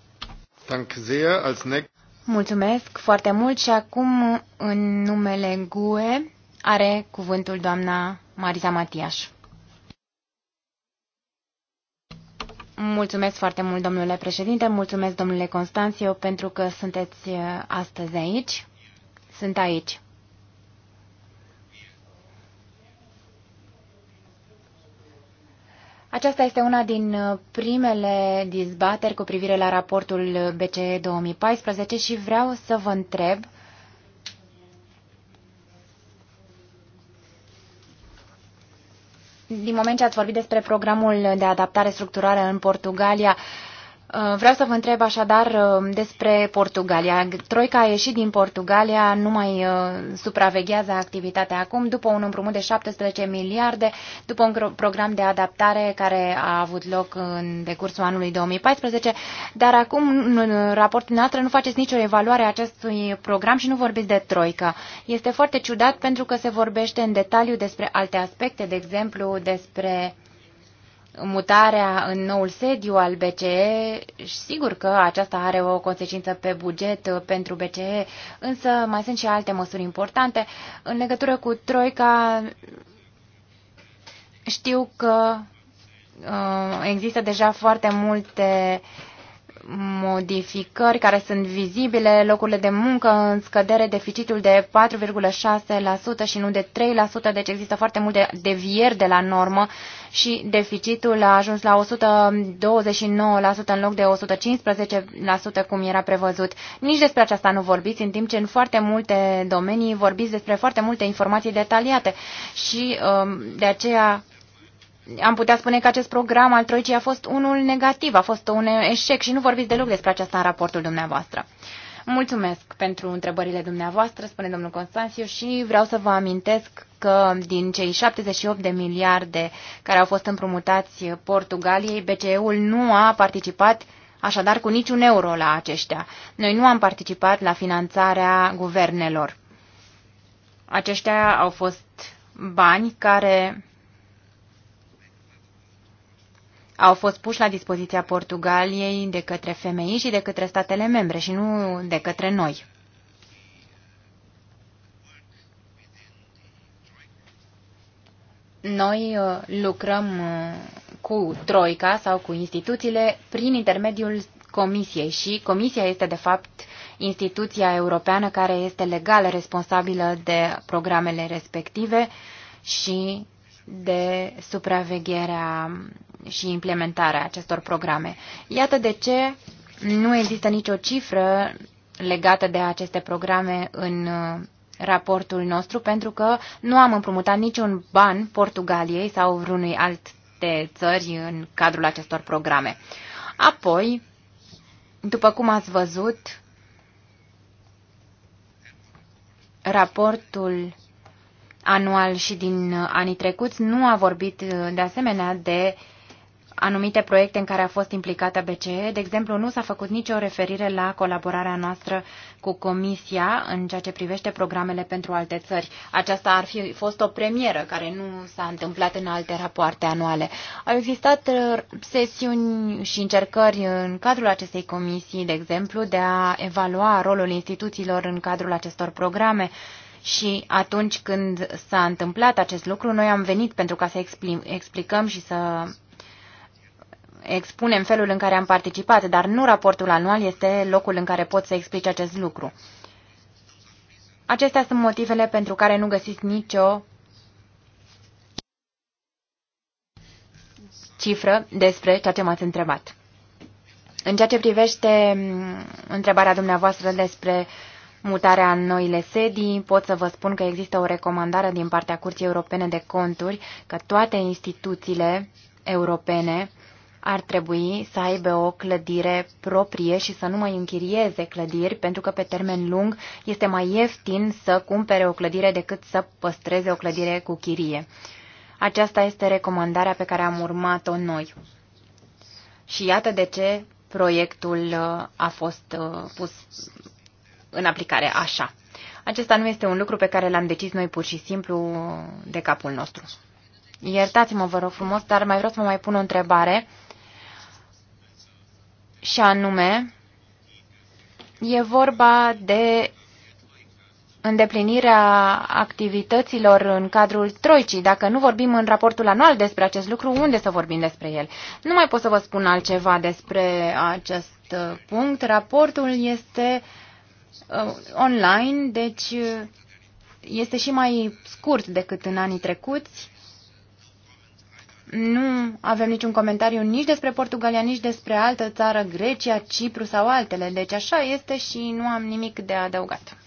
Mulțumesc foarte mult și acum, în numele GUE, are cuvântul doamna Marisa Matiaș. Mulțumesc foarte mult, domnule președinte, mulțumesc, domnule Constanțiu, pentru că sunteți uh, astăzi aici. Sunt aici. Aceasta este una din uh, primele dizbateri cu privire la raportul BCE 2014 și vreau să vă întreb uh, din moment ce ați vorbit despre programul de adaptare structurală în Portugalia, uh, Uh, vreau să vă întreb așadar uh, despre Portugalia. Troica a ieșit din Portugalia, nu mai uh, supraveghează activitatea acum, după un împrumut de 17 miliarde, după un program de adaptare care a avut loc în decursul anului 2014, dar acum în raportul noastră nu faceți nicio evaluare a acestui program și nu vorbiți de Troica. Este foarte ciudat pentru că se vorbește în detaliu despre alte aspecte, de exemplu despre uh, mutarea în noul sediu al BCE, sigur că aceasta are o consecință pe buget uh, pentru BCE, însă mai sunt și alte măsuri importante. În legătură cu Troica, știu că uh, există deja foarte multe uh, modificări care sunt vizibile, locurile de muncă în scădere, deficitul de 4,6% și nu de 3%, deci există foarte multe devieri de la normă și deficitul a ajuns la 129% în loc de 115% cum era prevăzut. Nici despre aceasta nu vorbiți, în timp ce în foarte multe domenii vorbiți despre foarte multe informații detaliate și um, de aceea am putea spune că acest program al Troicii a fost unul negativ, a fost un eșec și nu vorbiți deloc despre aceasta în raportul dumneavoastră. Mulțumesc pentru întrebările dumneavoastră, spune domnul Constanțiu, și vreau să vă amintesc că din cei 78 de miliarde care au fost împrumutați Portugaliei, BCE-ul nu a participat așadar cu niciun euro la aceștia. Noi nu am participat la finanțarea guvernelor. Aceștia au fost bani care au fost puși la dispoziția Portugaliei de către femei și de către statele membre și nu de către noi. Noi uh, lucrăm uh, cu Troica sau cu instituțiile prin intermediul Comisiei și Comisia este de fapt instituția europeană care este legală responsabilă de programele respective și de supravegherea și implementarea acestor programe. Iată de ce nu există nicio cifră legată de aceste programe în uh, raportul nostru, pentru că nu am împrumutat niciun ban Portugaliei sau vreunui de țări în cadrul acestor programe. Apoi, după cum ați văzut, raportul anual și din anii trecuți nu a vorbit uh, de asemenea de anumite proiecte în care a fost implicată BCE. De exemplu, nu s-a făcut nicio referire la colaborarea noastră cu Comisia în ceea ce privește programele pentru alte țări. Aceasta ar fi fost o premieră care nu s-a întâmplat în alte rapoarte anuale. Au existat uh, sesiuni și încercări în cadrul acestei comisii, de exemplu, de a evalua rolul instituțiilor în cadrul acestor programe. Și atunci când s-a întâmplat acest lucru, noi am venit pentru ca să explicăm și să expunem felul în care am participat, dar nu raportul anual este locul în care pot să explice acest lucru. Acestea sunt motivele pentru care nu găsiți nicio cifră despre ceea ce m-ați întrebat. În ceea ce privește mm, întrebarea dumneavoastră despre mutarea în noile sedii, pot să vă spun că există o recomandare din partea Curții Europene de Conturi că toate instituțiile europene ar trebui să aibă o clădire proprie și să nu mai închirieze clădiri, pentru că pe termen lung este mai ieftin să cumpere o clădire decât să păstreze o clădire cu chirie. Aceasta este recomandarea pe care am urmat-o noi. Și iată de ce proiectul uh, a fost uh, pus în aplicare așa. Acesta nu este un lucru pe care l-am decis noi pur și simplu de capul nostru. Iertați-mă, vă rog frumos, dar mai vreau să vă mai pun o întrebare și anume e vorba de îndeplinirea activităților în cadrul Troicii. Dacă nu vorbim în raportul anual despre acest lucru, unde să vorbim despre el? Nu mai pot să vă spun altceva despre acest uh, punct. Raportul este uh, online, deci uh, este și mai scurt decât în anii trecuți nu avem niciun comentariu nici despre Portugalia, nici despre altă țară, Grecia, Cipru sau altele. Deci așa este și nu am nimic de adăugat.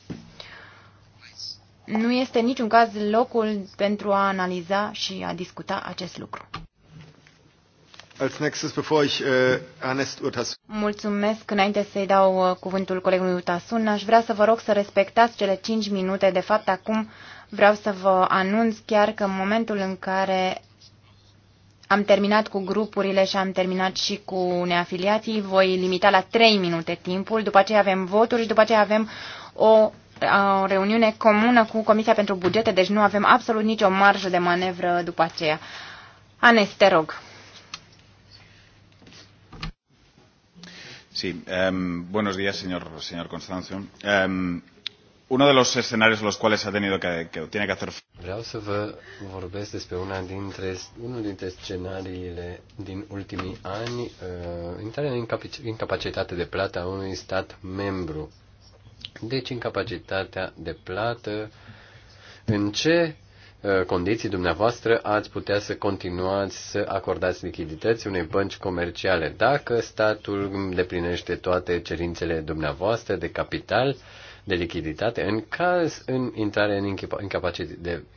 Nu este niciun caz locul pentru a analiza și a discuta acest lucru. Als nächstes, bevor ich äh, Ernest Mulțumesc. Înainte să-i dau uh, cuvântul colegului Utasun, aș vrea să vă rog să respectați cele 5 minute. De fapt, acum vreau să vă anunț chiar că în momentul în care am terminat cu grupurile și am terminat și cu neafiliații. Voi limita la 3 minute timpul, după aceea avem voturi și după aceea avem o o reuniune comună cu Comisia pentru Bugete, deci nu avem absolut nicio marjă de manevră după aceea. Anes, te rog. Sí, um, buenos días, señor, señor Constancio. Um, uno de los escenarios los cuales ha tenido que, que tiene que hacer. Vreau să vă vorbesc despre una dintre, unul dintre scenariile din ultimii ani, uh, intrarea în incapacitate de plată a unui stat membru. Deci incapacitatea de plată, în ce uh, condiții dumneavoastră ați putea să continuați să acordați lichidități unei bănci comerciale dacă statul îndeplinește toate cerințele dumneavoastră de capital, uh, de lichiditate în caz în intrare în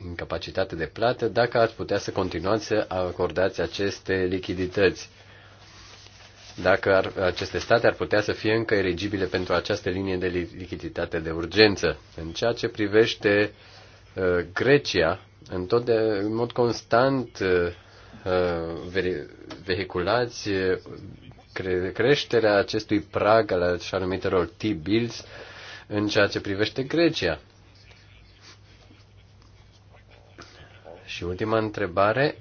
incapacitate de plată, dacă ați putea să continuați să acordați aceste lichidități. Dacă ar, aceste state ar putea să fie încă eligibile pentru această linie de lichiditate de urgență. În ceea ce privește uh, Grecia, în, tot de, în mod constant uh, uh vehiculați uh, cre, creșterea acestui prag al așa numitelor T-bills, uh, în ceea ce privește Grecia. Și ultima întrebare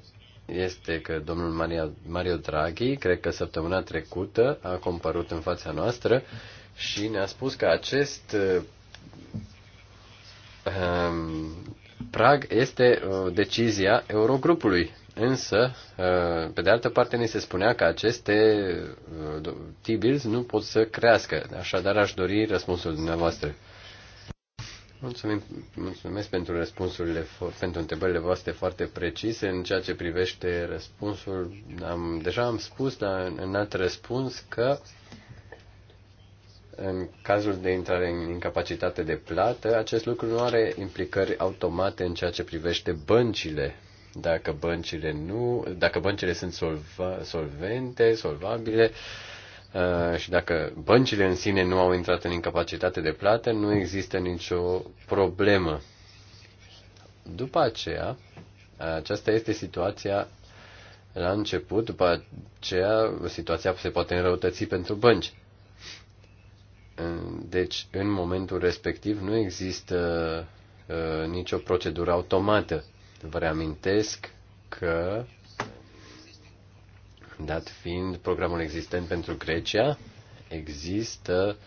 este că domnul Maria, Mario Draghi, cred că săptămâna trecută, a compărut în fața noastră și ne-a spus că acest um, prag este uh, decizia Eurogrupului. Însă, uh, pe de altă parte, ni se spunea că aceste uh, T-bills nu pot să crească. Așadar, aș dori răspunsul dumneavoastră. Mulțumim, mulțumesc pentru răspunsurile, pentru întrebările voastre foarte precise. În ceea ce privește răspunsul, am, deja am spus dar în alt răspuns că în cazul de intrare în incapacitate de plată, acest lucru nu are implicări automate în ceea ce privește băncile. Dacă băncile, nu, dacă băncile sunt solva, solvente, solvabile, uh, și dacă băncile în sine nu au intrat în incapacitate de plată, nu există nicio problemă. După aceea, aceasta este situația la început, după aceea situația se poate înrăutăți pentru bănci. Uh, deci, în momentul respectiv, nu există uh, nicio procedură automată. Vă reamintesc că, dat fiind programul existent pentru Grecia, există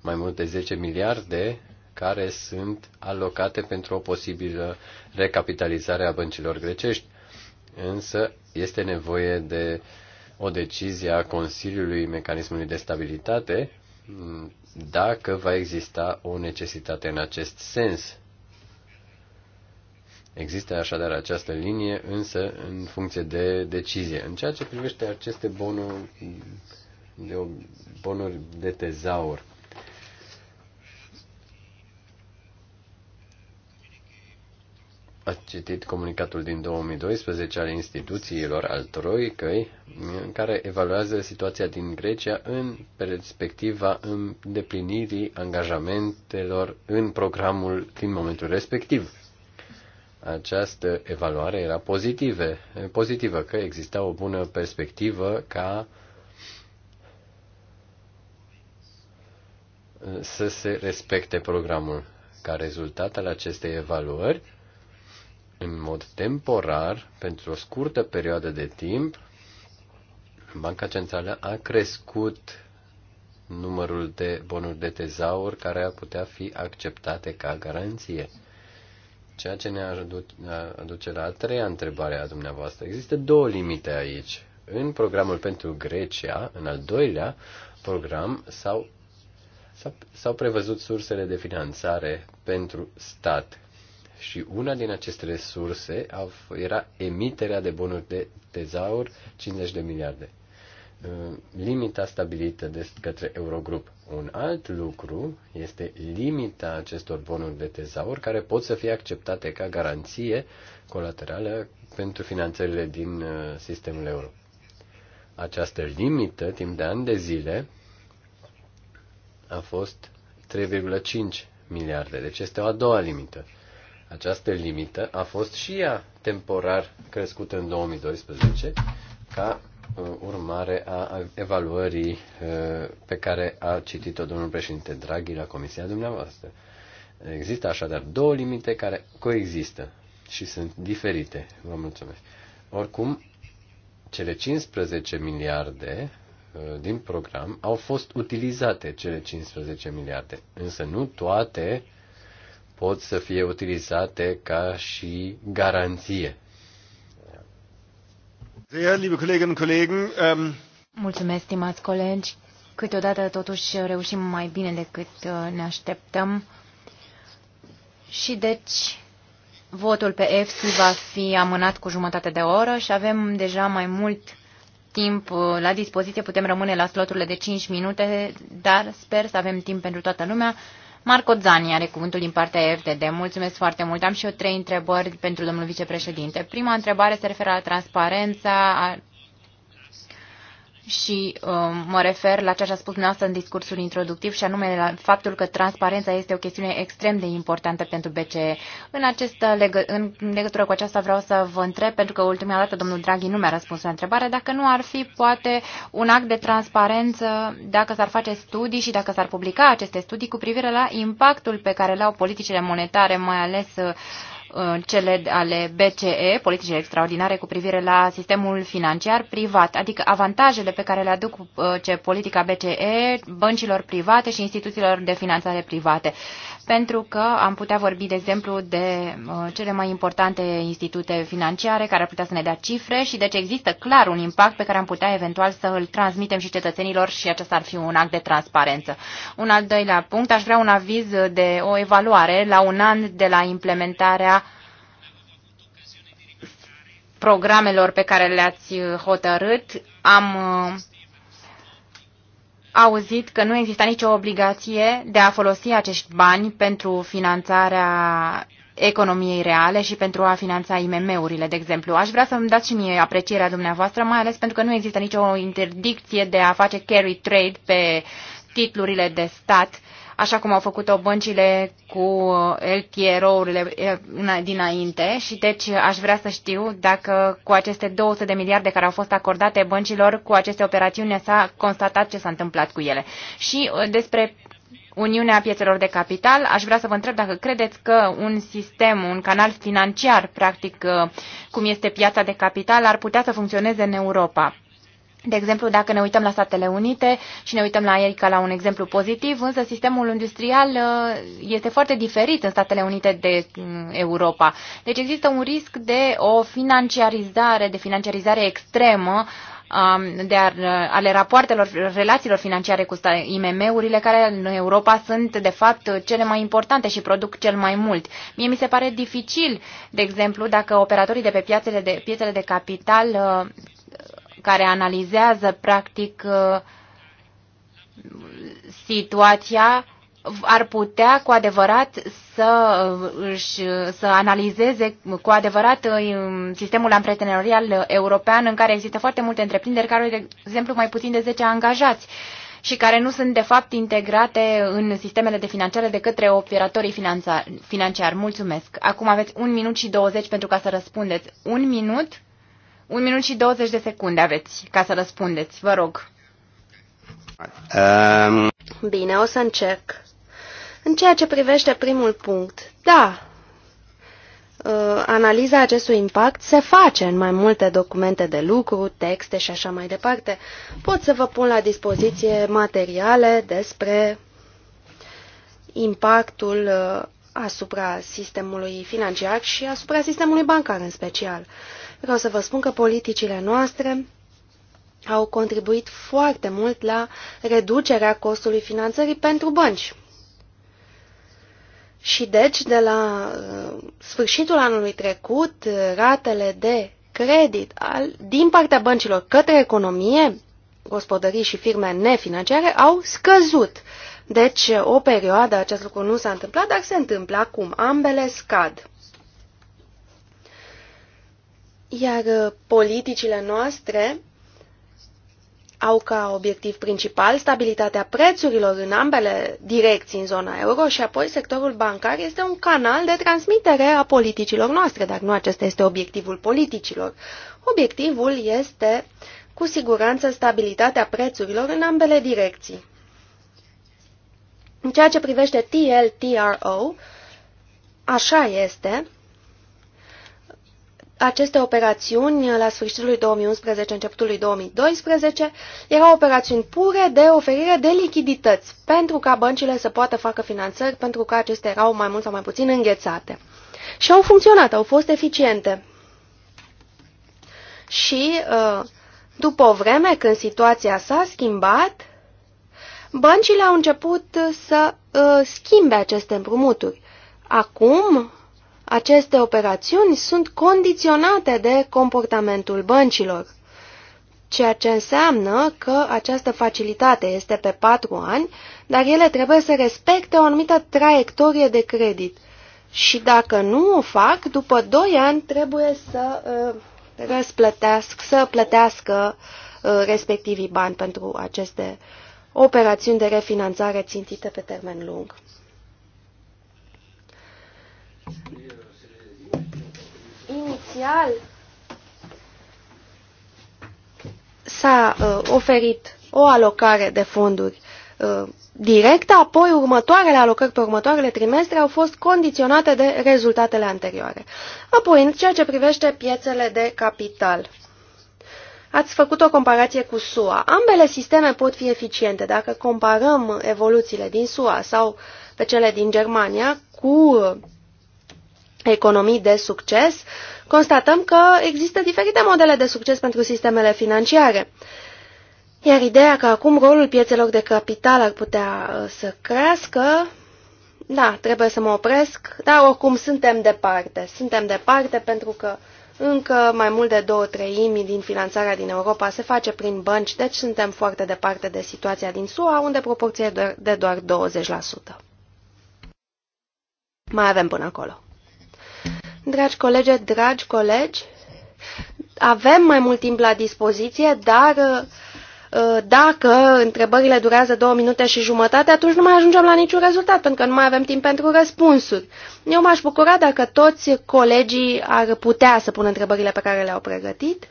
mai mult de 10 miliarde care sunt alocate pentru o posibilă recapitalizare a băncilor grecești. Însă este nevoie de o decizie a Consiliului Mecanismului de Stabilitate dacă va exista o necesitate în acest sens Există așadar această linie, însă în funcție de decizie. În ceea ce privește aceste bonuri de, bonuri de tezaur, a citit comunicatul din 2012 al instituțiilor, al Troicăi, care evaluează situația din Grecia în perspectiva îndeplinirii angajamentelor în programul din momentul respectiv această evaluare era pozitive, pozitivă, că exista o bună perspectivă ca uh, să se respecte programul. Ca rezultat al acestei evaluări, în mod temporar, pentru o scurtă perioadă de timp, Banca Centrală a crescut numărul de bonuri de tezaur care ar putea fi acceptate ca garanție. Ceea ce ne aduce la a treia întrebare a dumneavoastră. Există două limite aici. În programul pentru Grecia, în al doilea program, s-au, s-au prevăzut sursele de finanțare pentru stat. Și una din aceste resurse era emiterea de bonuri de tezaur 50 de miliarde Uh, limita stabilită de către Eurogrup. Un alt lucru este limita acestor bonuri de tezaur care pot să fie acceptate ca garanție colaterală pentru finanțările din uh, sistemul euro. Această limită, timp de ani de zile, a fost 3,5 miliarde. Deci este o a doua limită. Această limită a fost și ea temporar crescută în 2012 ca Uh, urmare a evaluării uh, pe care a citit-o domnul președinte Draghi la comisia dumneavoastră. Există așadar două limite care coexistă și sunt diferite. Vă mulțumesc. Oricum, cele 15 miliarde uh, din program au fost utilizate cele 15 miliarde, însă nu toate pot să fie utilizate ca și garanție Ähm, Mulțumesc, stimați colegi. Câteodată totuși reușim mai bine decât uh, ne așteptăm. Și deci votul pe EFSI va fi amânat cu jumătate de oră și avem deja mai mult timp uh, la dispoziție. Putem rămâne la sloturile de 5 minute, dar sper să avem timp pentru toată lumea. Marco Zani are cuvântul din partea FDD. Mulțumesc foarte mult. Am și eu trei întrebări pentru domnul vicepreședinte. Prima întrebare se referă la transparența și uh, mă refer la ceea ce a spus dumneavoastră în discursul introductiv și anume la faptul că transparența este o chestiune extrem de importantă pentru BCE. În, această uh, legă, în legătură cu aceasta vreau să vă întreb, pentru că ultima dată domnul Draghi nu mi-a răspuns la întrebare, dacă nu ar fi poate un act de transparență dacă s-ar face studii și dacă s-ar publica aceste studii cu privire la impactul pe care le au politicile monetare, mai ales uh, Uh, cele ale BCE, politicile extraordinare cu privire la sistemul financiar privat, adică avantajele pe care le aduc uh, ce politica BCE băncilor private și instituțiilor de finanțare private pentru că am putea vorbi, de exemplu, de uh, cele mai importante institute financiare care ar putea să ne dea cifre și deci există clar un impact pe care am putea eventual să îl transmitem și cetățenilor și acesta ar fi un act de transparență. Un al doilea punct, aș vrea un aviz de o evaluare la un an de la implementarea programelor pe care le-ați hotărât. Am uh, auzit că nu exista nicio obligație de a folosi acești bani pentru finanțarea economiei reale și pentru a finanța IMM-urile, de exemplu. Aș vrea să-mi dați și mie aprecierea dumneavoastră, mai ales pentru că nu există nicio interdicție de a face carry trade pe titlurile de stat așa cum au făcut-o băncile cu uh, LTRO-urile uh, dinainte și deci uh, aș vrea să știu dacă cu aceste 200 de miliarde care au fost acordate băncilor, cu aceste operațiuni s-a constatat ce s-a întâmplat cu ele. Și despre Uniunea Piețelor de Capital. Aș vrea să vă întreb dacă credeți că un sistem, un canal financiar, practic, cum este piața de capital, ar putea să funcționeze în Europa. De exemplu, dacă ne uităm la Statele Unite și ne uităm la America la un exemplu pozitiv, însă sistemul industrial uh, este foarte diferit în Statele Unite de mm, Europa. Deci există un risc de o financiarizare, de financiarizare extremă um, de a, uh, ale rapoartelor, relațiilor financiare cu IMM-urile, care în Europa sunt, de fapt, cele mai importante și produc cel mai mult. Mie mi se pare dificil, de exemplu, dacă operatorii de pe piațele de, piețele de capital uh, care analizează practic uh, situația ar putea cu adevărat să, uh, își, să analizeze cu adevărat uh, sistemul antreprenorial european în care există foarte multe întreprinderi care au, de exemplu, mai puțin de 10 angajați și care nu sunt de fapt integrate în sistemele de finanțare de către operatorii financiari. Mulțumesc. Acum aveți un minut și 20 pentru ca să răspundeți. Un minut un minut și 20 de secunde aveți ca să răspundeți, vă rog. Um... Bine, o să încerc. În ceea ce privește primul punct, da, ă, analiza acestui impact se face în mai multe documente de lucru, texte și așa mai departe. Pot să vă pun la dispoziție materiale despre impactul ă, asupra sistemului financiar și asupra sistemului bancar în special. Vreau să vă spun că politicile noastre au contribuit foarte mult la reducerea costului finanțării pentru bănci. Și deci, de la uh, sfârșitul anului trecut, uh, ratele de credit al, din partea băncilor către economie, gospodării și firme nefinanciare au scăzut. Deci, o perioadă acest lucru nu s-a întâmplat, dar se întâmplă acum. Ambele scad. Iar uh, politicile noastre au ca obiectiv principal stabilitatea prețurilor în ambele direcții în zona euro și apoi sectorul bancar este un canal de transmitere a politicilor noastre, dar nu acesta este obiectivul politicilor. Obiectivul este cu siguranță stabilitatea prețurilor în ambele direcții. În ceea ce privește TLTRO, așa este, aceste operațiuni, la sfârșitul lui 2011, începutul lui 2012, erau operațiuni pure de oferire de lichidități, pentru ca băncile să poată facă finanțări, pentru că acestea erau mai mult sau mai puțin înghețate. Și au funcționat, au fost eficiente. Și uh, după o vreme, când situația s-a schimbat, băncile au început să uh, schimbe aceste împrumuturi. Acum, aceste operațiuni sunt condiționate de comportamentul băncilor, ceea ce înseamnă că această facilitate este pe patru ani, dar ele trebuie să respecte o anumită traiectorie de credit. Și dacă nu o fac, după 2 ani trebuie să uh, răsplătească, să plătească uh, respectivii bani pentru aceste operațiuni de refinanțare țintite pe termen lung special. s-a uh, oferit o alocare de fonduri uh, directă, apoi următoarele alocări pe următoarele trimestre au fost condiționate de rezultatele anterioare. Apoi, în ceea ce privește piețele de capital, ați făcut o comparație cu SUA. Ambele sisteme pot fi eficiente dacă comparăm evoluțiile din SUA sau pe cele din Germania cu economii de succes, constatăm că există diferite modele de succes pentru sistemele financiare. Iar ideea că acum rolul piețelor de capital ar putea uh, să crească, da, trebuie să mă opresc, dar oricum suntem departe. Suntem departe pentru că încă mai mult de două treimi din finanțarea din Europa se face prin bănci, deci suntem foarte departe de situația din SUA, unde proporția e de doar 20%. Mai avem până acolo. Dragi colege, dragi colegi, avem mai mult timp la dispoziție, dar uh, dacă întrebările durează două minute și jumătate, atunci nu mai ajungem la niciun rezultat, pentru că nu mai avem timp pentru răspunsuri. Eu m-aș bucura dacă toți colegii ar putea să pună întrebările pe care le-au pregătit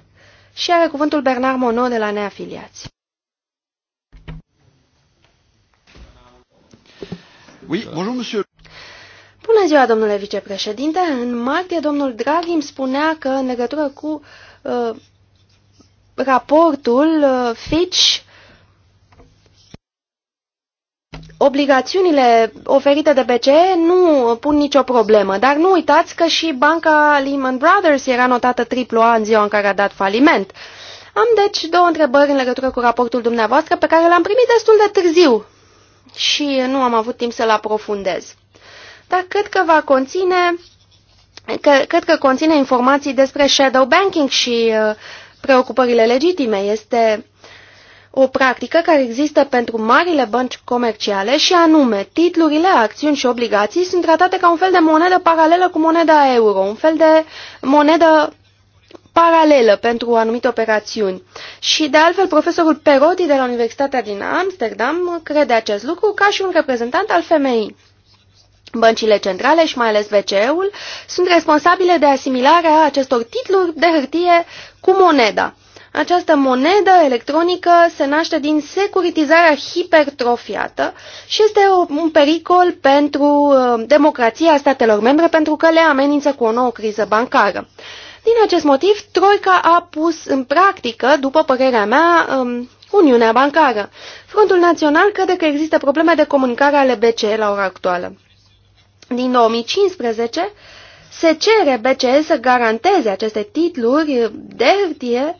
și are cuvântul Bernard Monod de la Neafiliați. Oui, bonjour monsieur. Bună ziua, domnule vicepreședinte. În martie, domnul Draghi îmi spunea că în legătură cu uh, raportul uh, Fitch, obligațiunile oferite de BCE nu pun nicio problemă, dar nu uitați că și banca Lehman Brothers era notată AAA în ziua în care a dat faliment. Am deci două întrebări în legătură cu raportul dumneavoastră pe care l-am primit destul de târziu și nu am avut timp să-l aprofundez dar cred că va conține, că, cred că conține informații despre shadow banking și uh, preocupările legitime. Este o practică care există pentru marile bănci comerciale și anume, titlurile, acțiuni și obligații sunt tratate ca un fel de monedă paralelă cu moneda euro, un fel de monedă paralelă pentru anumite operațiuni. Și de altfel, profesorul Perotti de la Universitatea din Amsterdam crede acest lucru ca și un reprezentant al femeii. Băncile centrale și mai ales BCE-ul sunt responsabile de asimilarea acestor titluri de hârtie cu moneda. Această monedă electronică se naște din securitizarea hipertrofiată și este un pericol pentru uh, democrația statelor membre pentru că le amenință cu o nouă criză bancară. Din acest motiv, Troica a pus în practică, după părerea mea, um, Uniunea Bancară. Frontul Național crede că există probleme de comunicare ale BCE la ora actuală din 2015 se cere BCE să garanteze aceste titluri de hârtie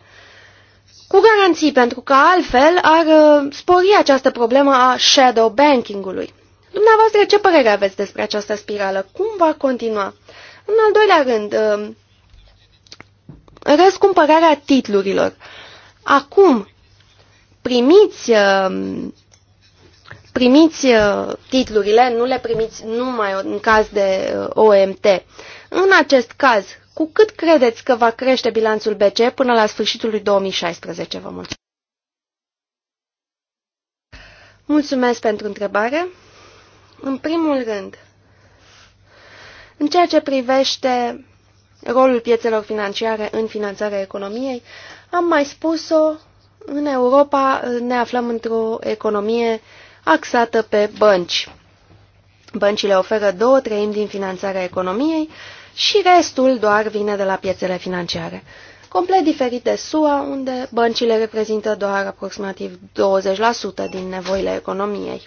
cu garanții, pentru că altfel ar uh, spori această problemă a shadow banking-ului. Dumneavoastră, ce părere aveți despre această spirală? Cum va continua? În al doilea rând, um, răscumpărarea titlurilor. Acum primiți um, primiți uh, titlurile, nu le primiți numai în caz de uh, OMT. În acest caz, cu cât credeți că va crește bilanțul BC până la sfârșitul lui 2016? Vă mulțumesc. Mulțumesc pentru întrebare. În primul rând, în ceea ce privește rolul piețelor financiare în finanțarea economiei, am mai spus-o, în Europa uh, ne aflăm într-o economie axată pe bănci. Băncile oferă două treimi din finanțarea economiei și restul doar vine de la piețele financiare. Complet diferit de SUA, unde băncile reprezintă doar aproximativ 20% din nevoile economiei.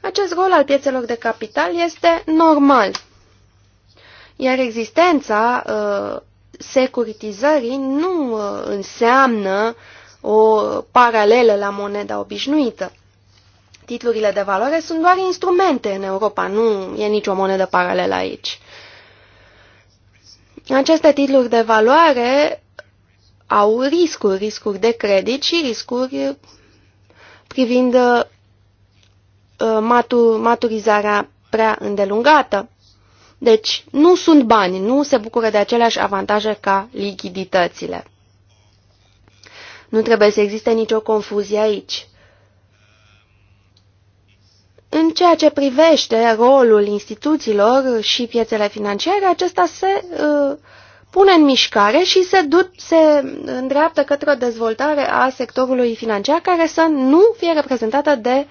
Acest rol al piețelor de capital este normal, iar existența uh, securitizării nu uh, înseamnă o paralelă la moneda obișnuită. Titlurile de valoare sunt doar instrumente în Europa, nu e nicio monedă paralelă aici. Aceste titluri de valoare au riscuri, riscuri de credit și riscuri privind uh, maturizarea prea îndelungată. Deci nu sunt bani, nu se bucură de aceleași avantaje ca lichiditățile. Nu trebuie să existe nicio confuzie aici. În ceea ce privește rolul instituțiilor și piețele financiare, acesta se uh, pune în mișcare și se, duc, se îndreaptă către o dezvoltare a sectorului financiar care să nu fie reprezentată de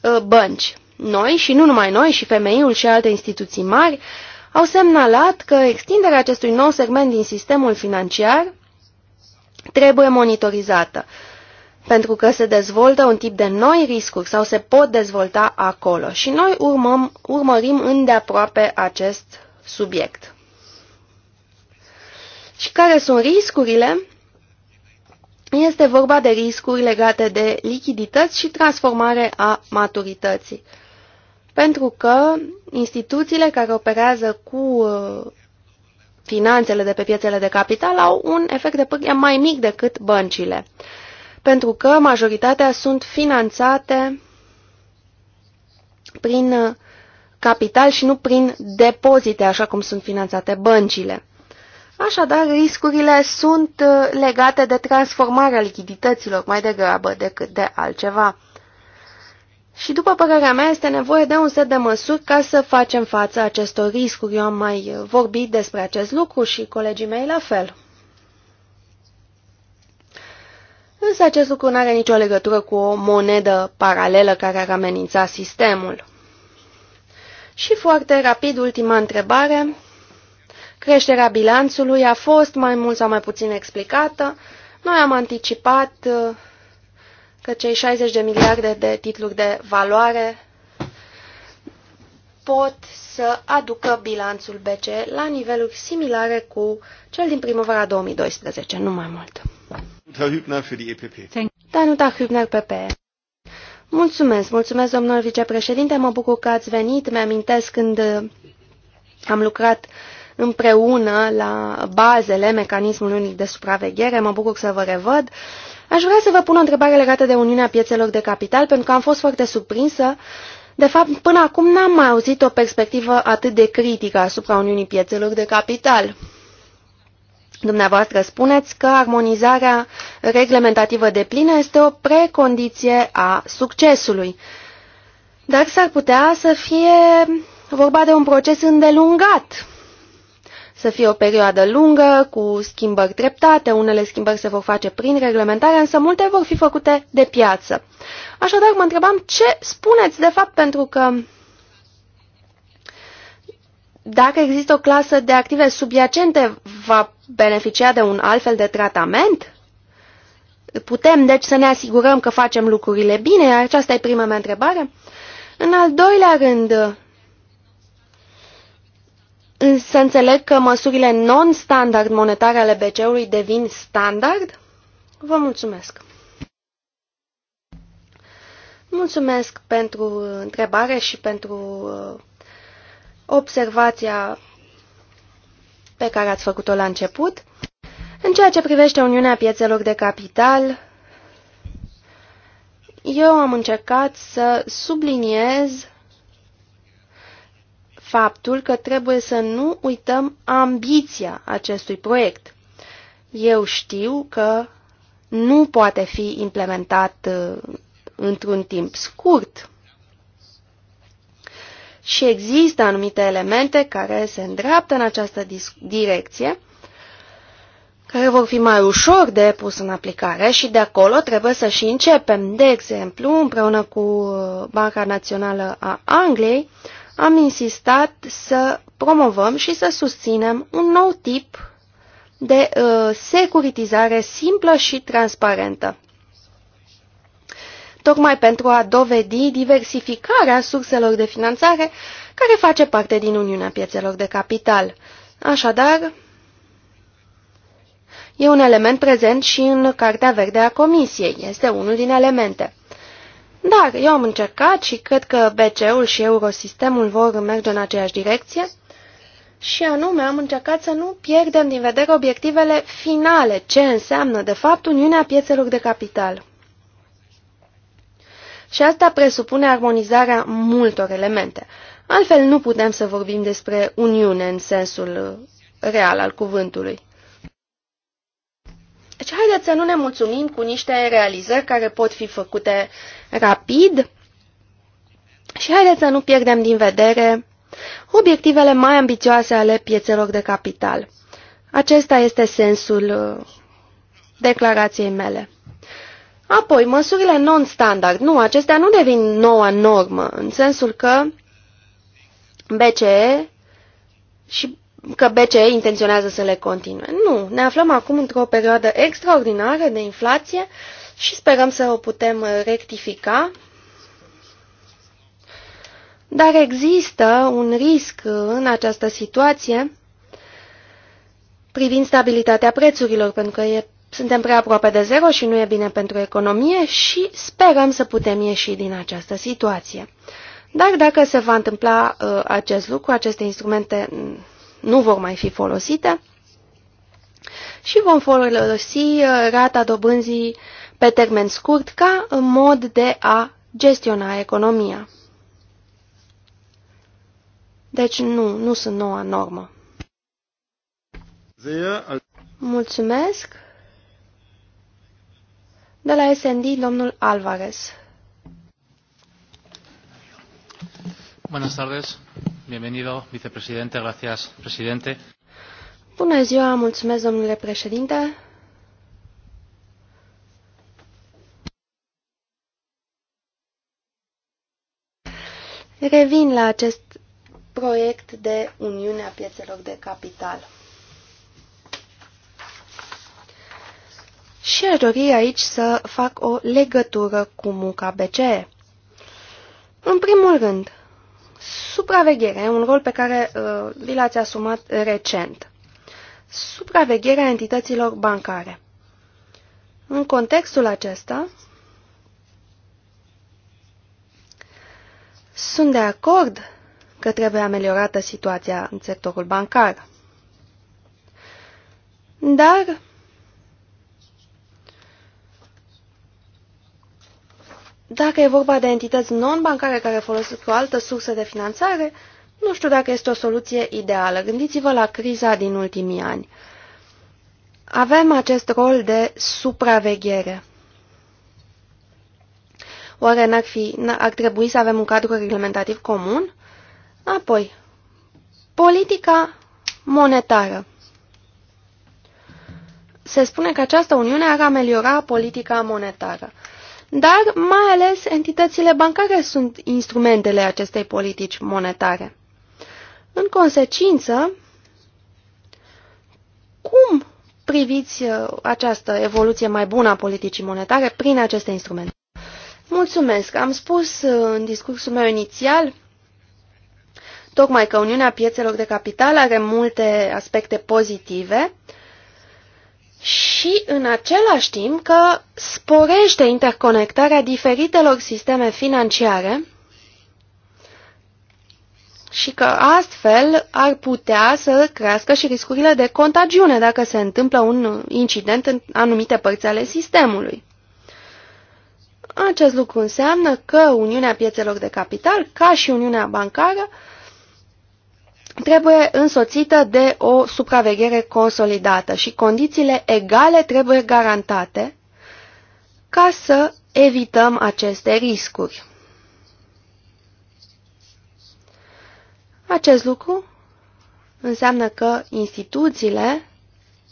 uh, bănci. Noi și nu numai noi și femeiul și alte instituții mari au semnalat că extinderea acestui nou segment din sistemul financiar trebuie monitorizată. Uh, pentru că se dezvoltă un tip de noi riscuri sau se pot dezvolta acolo și noi urmăm, urmărim îndeaproape acest subiect. Și care sunt riscurile? Este vorba de riscuri legate de lichidități și transformare a maturității. Pentru că instituțiile care operează cu uh, finanțele de pe piețele de capital au un efect de pârghie mai mic decât băncile pentru că majoritatea sunt finanțate prin uh, capital și nu prin depozite, așa cum sunt finanțate băncile. Așadar, riscurile sunt uh, legate de transformarea lichidităților mai degrabă decât de altceva. Și după părerea mea, este nevoie de un set de măsuri ca să facem față acestor riscuri. Eu am mai vorbit despre acest lucru și colegii mei la fel. Însă acest lucru nu are nicio legătură cu o monedă paralelă care ar amenința sistemul. Și foarte rapid, ultima întrebare. Creșterea bilanțului a fost mai mult sau mai puțin explicată. Noi am anticipat uh, că cei 60 de miliarde de titluri de valoare pot să aducă bilanțul BCE la niveluri similare cu cel din primăvara 2012, nu mai mult. Herr Hübner für die EPP. Danuta Hübner, PP. Mulțumesc, mulțumesc, domnul vicepreședinte, mă bucur că ați venit. Mi-amintesc când uh, am lucrat împreună la bazele mecanismului unic de supraveghere, mă bucur să vă revăd. Aș vrea să vă pun o întrebare legată de Uniunea Piețelor de Capital, pentru că am fost foarte surprinsă. De fapt, până acum n-am mai auzit o perspectivă atât de critică asupra Uniunii Piețelor de Capital. Dumneavoastră spuneți că armonizarea reglementativă de plină este o precondiție a succesului. Dar s-ar putea să fie vorba de un proces îndelungat, să fie o perioadă lungă, cu schimbări treptate, unele schimbări se vor face prin reglementare, însă multe vor fi făcute de piață. Așadar, mă întrebam ce spuneți de fapt pentru că dacă există o clasă de active subiacente, va beneficia de un altfel de tratament? Putem, deci, să ne asigurăm că facem lucrurile bine? Aceasta e prima mea întrebare. În al doilea rând, să înțeleg că măsurile non-standard monetare ale BCE-ului devin standard? Vă mulțumesc! Mulțumesc pentru întrebare și pentru uh, observația pe care ați făcut-o la început. În ceea ce privește Uniunea Piețelor de Capital, eu am încercat să subliniez faptul că trebuie să nu uităm ambiția acestui proiect. Eu știu că nu poate fi implementat uh, într-un timp scurt și există anumite elemente care se îndreaptă în această direcție, care vor fi mai ușor de pus în aplicare și de acolo trebuie să și începem. De exemplu, împreună cu Banca Națională a Angliei, am insistat să promovăm și să susținem un nou tip de uh, securitizare simplă și transparentă tocmai pentru a dovedi diversificarea surselor de finanțare care face parte din Uniunea Piețelor de Capital. Așadar, e un element prezent și în Cartea Verde a Comisiei. Este unul din elemente. Dar eu am încercat și cred că BCE-ul și Eurosistemul vor merge în aceeași direcție și anume am încercat să nu pierdem din vedere obiectivele finale, ce înseamnă de fapt Uniunea Piețelor de Capital. Și asta presupune armonizarea multor elemente. Altfel nu putem să vorbim despre uniune în sensul uh, real al cuvântului. Deci haideți să nu ne mulțumim cu niște realizări care pot fi făcute rapid și haideți să nu pierdem din vedere obiectivele mai ambițioase ale piețelor de capital. Acesta este sensul uh, declarației mele. Apoi, măsurile non-standard. Nu, acestea nu devin noua normă, în sensul că BCE și că BCE intenționează să le continue. Nu, ne aflăm acum într-o perioadă extraordinară de inflație și sperăm să o putem rectifica. Dar există un risc în această situație privind stabilitatea prețurilor, pentru că e suntem prea aproape de zero și nu e bine pentru economie și sperăm să putem ieși din această situație. Dar dacă se va întâmpla uh, acest lucru, aceste instrumente nu vor mai fi folosite și vom folosi uh, rata dobânzii pe termen scurt ca mod de a gestiona economia. Deci nu, nu sunt noua normă. Mulțumesc. De la SND, domnul Alvarez. Buenas tardes. Bienvenido, vicepresidente. Gracias, presidente. Bună ziua, mulțumesc, domnule președinte. Revin la acest proiect de Uniune a Piețelor de Capital. și aș dori aici să fac o legătură cu munca BCE. În primul rând, supraveghere, un rol pe care uh, vi l-ați asumat recent. Supravegherea entităților bancare. În contextul acesta, sunt de acord că trebuie ameliorată situația în sectorul bancar. Dar Dacă e vorba de entități non-bancare care folosesc o altă sursă de finanțare, nu știu dacă este o soluție ideală. Gândiți-vă la criza din ultimii ani. Avem acest rol de supraveghere. Oare n-ar, fi, ar trebui să avem un cadru reglementativ comun? Apoi, politica monetară. Se spune că această uniune ar ameliora politica monetară dar mai ales entitățile bancare sunt instrumentele acestei politici monetare. În consecință, cum priviți uh, această evoluție mai bună a politicii monetare prin aceste instrumente? Mulțumesc! Am spus uh, în discursul meu inițial tocmai că Uniunea Piețelor de Capital are multe aspecte pozitive, și în același timp că sporește interconectarea diferitelor sisteme financiare și că astfel ar putea să crească și riscurile de contagiune dacă se întâmplă un incident în anumite părți ale sistemului. Acest lucru înseamnă că Uniunea Piețelor de Capital, ca și Uniunea Bancară, trebuie însoțită de o supraveghere consolidată și condițiile egale trebuie garantate ca să evităm aceste riscuri. Acest lucru înseamnă că instituțiile,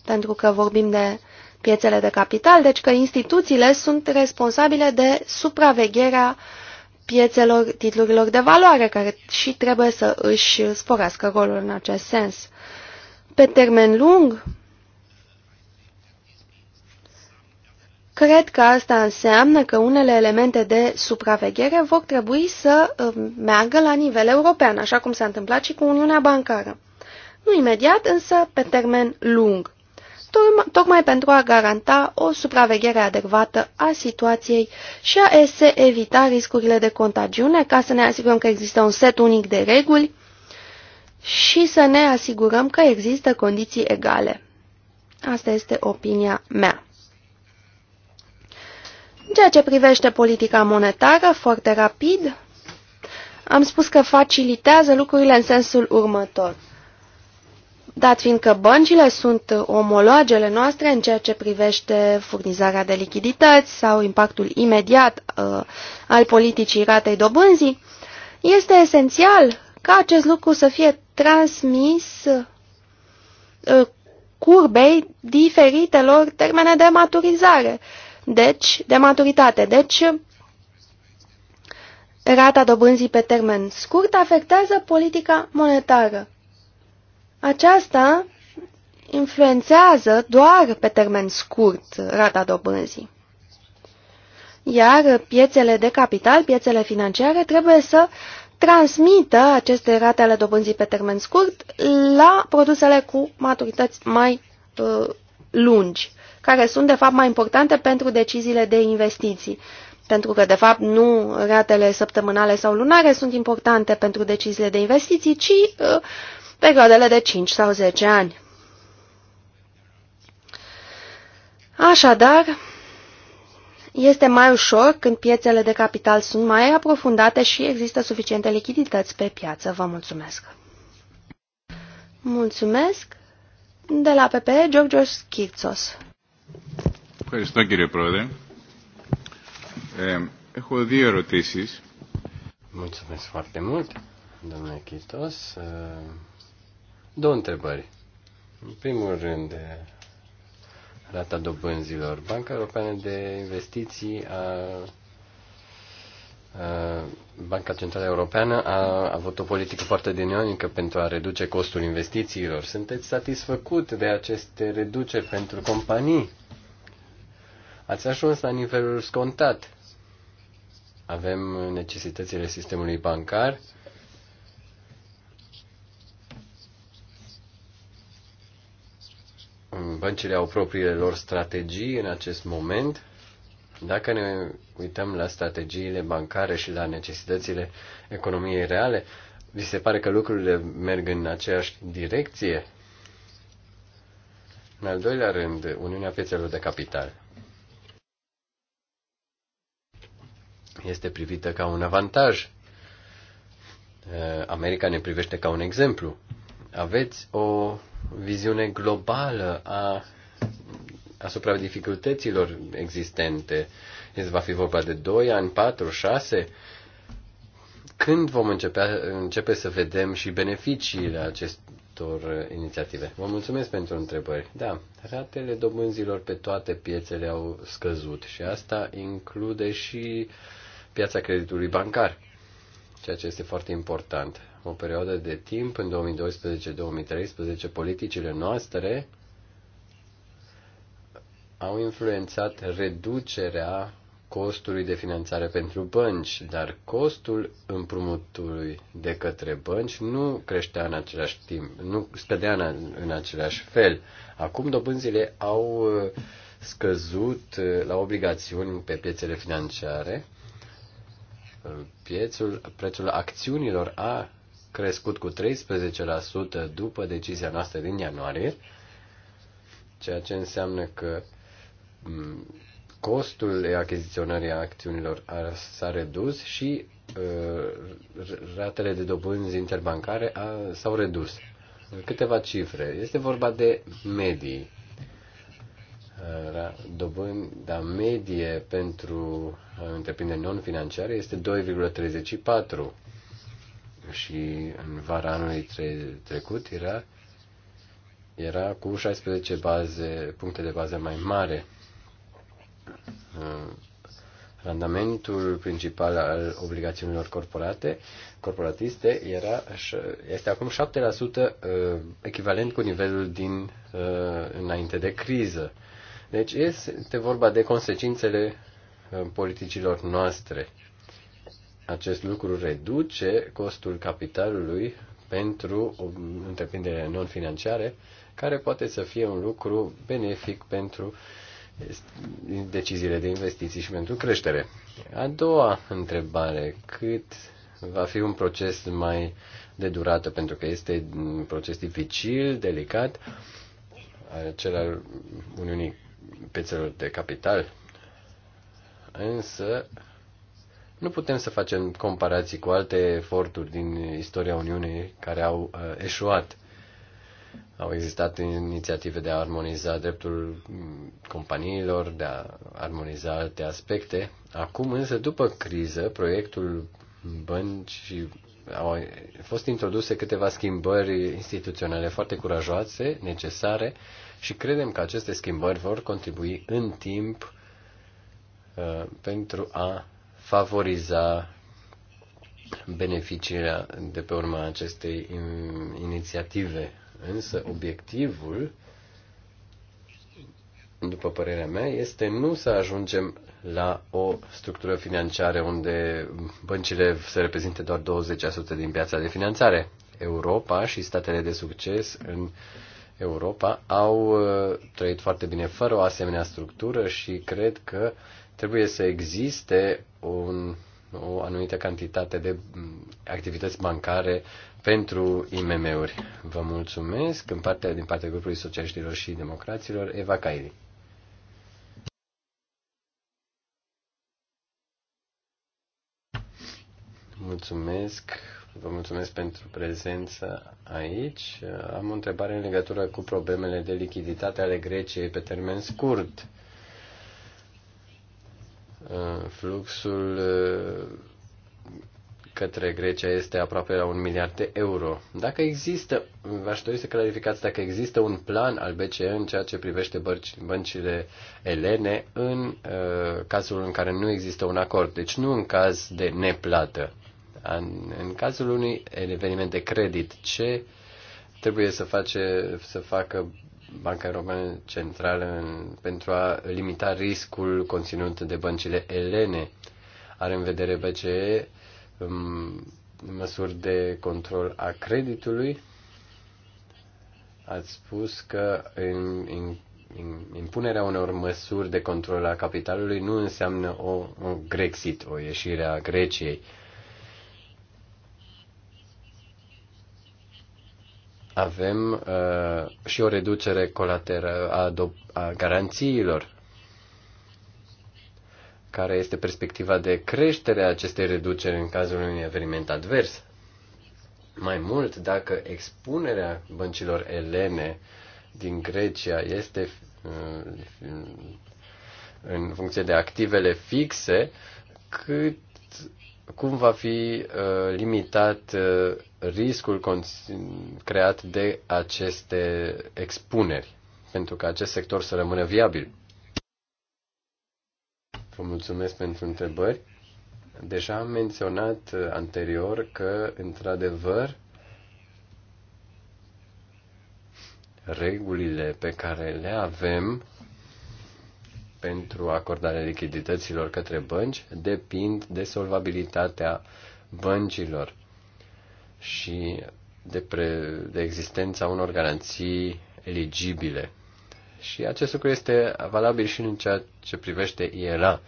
pentru că vorbim de piețele de capital, deci că instituțiile sunt responsabile de supravegherea uh, piețelor titlurilor de valoare, care și trebuie să își sporească rolul în acest sens. Pe termen lung, Cred că asta înseamnă că unele elemente de supraveghere vor trebui să um, meargă la nivel european, așa cum s-a întâmplat și cu Uniunea Bancară. Nu imediat, însă pe termen lung tocmai pentru a garanta o supraveghere adecvată a situației și a se evita riscurile de contagiune, ca să ne asigurăm că există un set unic de reguli și să ne asigurăm că există condiții egale. Asta este opinia mea. În ceea ce privește politica monetară, foarte rapid, am spus că facilitează lucrurile în sensul următor – Dat fiindcă băncile sunt omologele noastre în ceea ce privește furnizarea de lichidități sau impactul imediat uh, al politicii ratei dobânzii, este esențial ca acest lucru să fie transmis uh, curbei diferitelor termene de maturizare, deci de maturitate. Deci, rata dobânzii pe termen scurt afectează politica monetară. Aceasta influențează doar pe termen scurt rata dobânzii. Iar piețele de capital, piețele financiare, trebuie să transmită aceste rate ale dobânzii pe termen scurt la produsele cu maturități mai uh, lungi, care sunt de fapt mai importante pentru deciziile de investiții. Pentru că, de fapt, nu ratele săptămânale sau lunare sunt importante pentru deciziile de investiții, ci uh, perioadele de 5 sau 10 ani. Așadar, este mai ușor când piețele de capital sunt mai aprofundate și există suficiente lichidități pe piață. Vă mulțumesc! Mulțumesc! De la PP, Georgios Kirtsos. Ευχαριστώ κύριε Πρόεδρε. Ε, έχω δύο ερωτήσεις. Mulțumesc foarte mult, domnule Chitos. Două întrebări. În primul rând, rata dobânzilor. Banca Europeană de Investiții a Banca Centrală Europeană a avut o politică foarte dinamică pentru a reduce costul investițiilor. Sunteți satisfăcut de aceste reduceri pentru companii? Ați ajuns la nivelul scontat. Avem necesitățile sistemului bancar Băncile au propriile lor strategii în acest moment. Dacă ne uităm la strategiile bancare și la necesitățile economiei reale, vi se pare că lucrurile merg în aceeași direcție? În al doilea rând, Uniunea Piețelor de Capital. Este privită ca un avantaj. America ne privește ca un exemplu aveți o viziune globală a, asupra dificultăților existente. Este va fi vorba de 2 ani, 4, 6. Când vom începe, începe să vedem și beneficiile acestor inițiative? Vă mulțumesc pentru întrebări. Da, ratele dobânzilor pe toate piețele au scăzut și asta include și piața creditului bancar, ceea ce este foarte important o perioadă de timp, în 2012-2013, politicile noastre au influențat reducerea costului de finanțare pentru bănci, dar costul împrumutului de către bănci nu creștea în același timp, nu scădea în, în același fel. Acum dobânzile au uh, scăzut uh, la obligațiuni pe piețele financiare. Uh, piețul, prețul acțiunilor a crescut cu 13% după decizia noastră din ianuarie, ceea ce înseamnă că mm, costul a acțiunilor s-a redus și uh, ratele de dobânzi interbancare s-au redus. Câteva cifre. Este vorba de medii. Uh, dar medie pentru uh, întreprinderi non-financiare este 2,34 și în vara anului tre- trecut era, era cu 16 baze, puncte de bază mai mare. Uh, randamentul principal al obligațiunilor corporate, corporatiste era, este acum 7% uh, echivalent cu nivelul din uh, înainte de criză. Deci este vorba de consecințele politicilor noastre acest lucru reduce costul capitalului pentru întreprindere non-financiare, care poate să fie un lucru benefic pentru deciziile de investiții și pentru creștere. A doua întrebare, cât va fi un proces mai de durată, pentru că este un proces dificil, delicat, cel al Uniunii Pețelor de Capital. Însă, nu putem să facem comparații cu alte eforturi din istoria Uniunii care au uh, eșuat. Au existat inițiative de a armoniza dreptul mm, companiilor, de a armoniza alte aspecte. Acum însă, după criză, proiectul și au fost introduse câteva schimbări instituționale foarte curajoase, necesare și credem că aceste schimbări vor contribui în timp uh, pentru a favoriza beneficierea de pe urma acestei inițiative. Însă obiectivul, după părerea mea, este nu să ajungem la o structură financiară unde băncile se reprezinte doar 20% din piața de finanțare. Europa și statele de succes în Europa au uh, trăit foarte bine fără o asemenea structură și cred că uh, trebuie să existe un, o anumită cantitate de mm, activități bancare pentru IMM-uri. Vă mulțumesc în partea, din partea grupului Socialiștilor și Democraților, Eva Cairi. Mulțumesc, vă mulțumesc pentru prezența aici. Am o întrebare în legătură cu problemele de lichiditate ale Greciei pe termen scurt Uh, fluxul uh, către Grecia este aproape la un miliard de euro. Dacă există, v-aș dori să clarificați dacă există un plan al BCE în ceea ce privește băncile elene în uh, cazul în care nu există un acord, deci nu în caz de neplată. În, în cazul unui eveniment de credit, ce trebuie să, face, să facă Banca Europeană Centrală în, pentru a limita riscul conținut de băncile elene. Are în vedere BCE um, măsuri de control a creditului. Ați spus că în, în, în, impunerea unor măsuri de control a capitalului nu înseamnă o, o Grexit, o ieșire a Greciei. Uh, avem uh, și o reducere colaterală a, a garanțiilor, care este perspectiva de creștere a acestei reduceri în cazul unui eveniment advers. Mai mult, dacă expunerea băncilor elene din Grecia este uh, în funcție de activele fixe, cât cum va fi uh, limitat uh, riscul creat de aceste expuneri pentru ca acest sector să rămână viabil? Vă mulțumesc pentru întrebări. Deja am menționat uh, anterior că, într-adevăr, regulile pe care le avem pentru acordarea lichidităților către bănci depind de solvabilitatea băncilor și de, pre, de existența unor garanții eligibile. Și acest lucru este valabil și în ceea ce privește IRA.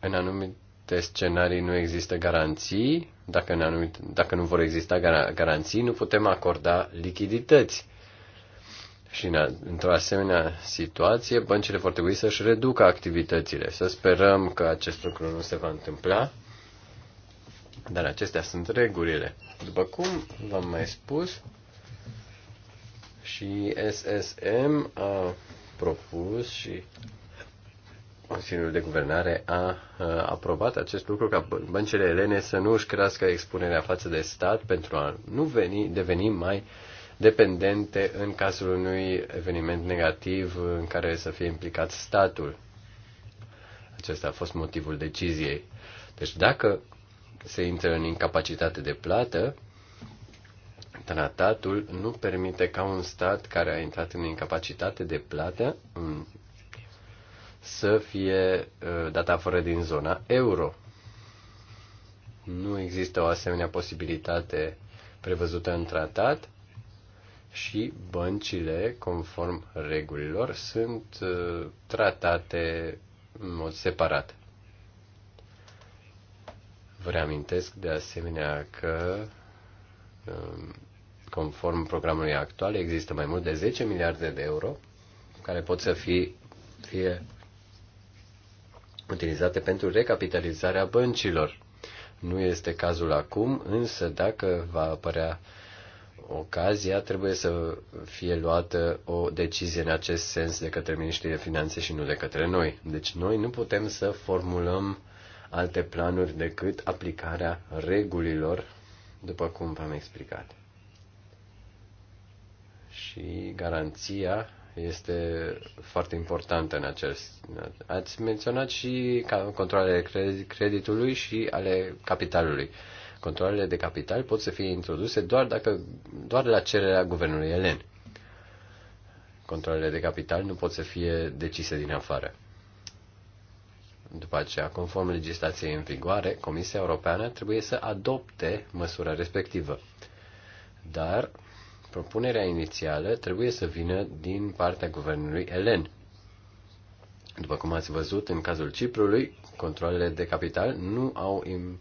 În anumite scenarii nu există garanții, dacă, în anumite, dacă nu vor exista garanții, nu putem acorda lichidități și în, într-o asemenea situație, băncile vor trebui să-și reducă activitățile. Să sperăm că acest lucru nu se va întâmpla, dar acestea sunt regulile. După cum v-am mai spus, și SSM a propus și Consiliul de Guvernare a aprobat acest lucru ca băncile elene să nu își crească expunerea față de stat pentru a nu veni, deveni mai uh, dependente în cazul unui eveniment negativ în care să fie implicat statul. Acesta a fost motivul deciziei. Deci dacă se intră în incapacitate de plată, tratatul nu permite ca un stat care a intrat în incapacitate de plată să fie uh, dat afară din zona euro. Nu există o asemenea posibilitate prevăzută în tratat și băncile, conform regulilor, sunt uh, tratate în mod separat. Vă reamintesc de asemenea că, um, conform programului actual, există mai mult de 10 miliarde de euro care pot să fie, fie utilizate pentru recapitalizarea băncilor. Nu este cazul acum, însă dacă va apărea uh, ocazia, trebuie să fie luată o decizie în acest sens de către Ministrii de Finanțe și nu de către noi. Deci noi nu putem să formulăm alte planuri decât aplicarea regulilor, după cum v-am explicat. Și garanția este foarte importantă în acest. Ați menționat și controlele creditului și ale capitalului. Uh, Controlele de capital pot să fie introduse doar, dacă, doar la cererea guvernului elen. Controlele de capital nu pot să fie decise din afară. După aceea, conform legislației în vigoare, Comisia Europeană trebuie să adopte măsura respectivă. Dar propunerea inițială trebuie să vină din partea guvernului elen. După cum ați văzut, în cazul Ciprului, controlele de capital nu au im-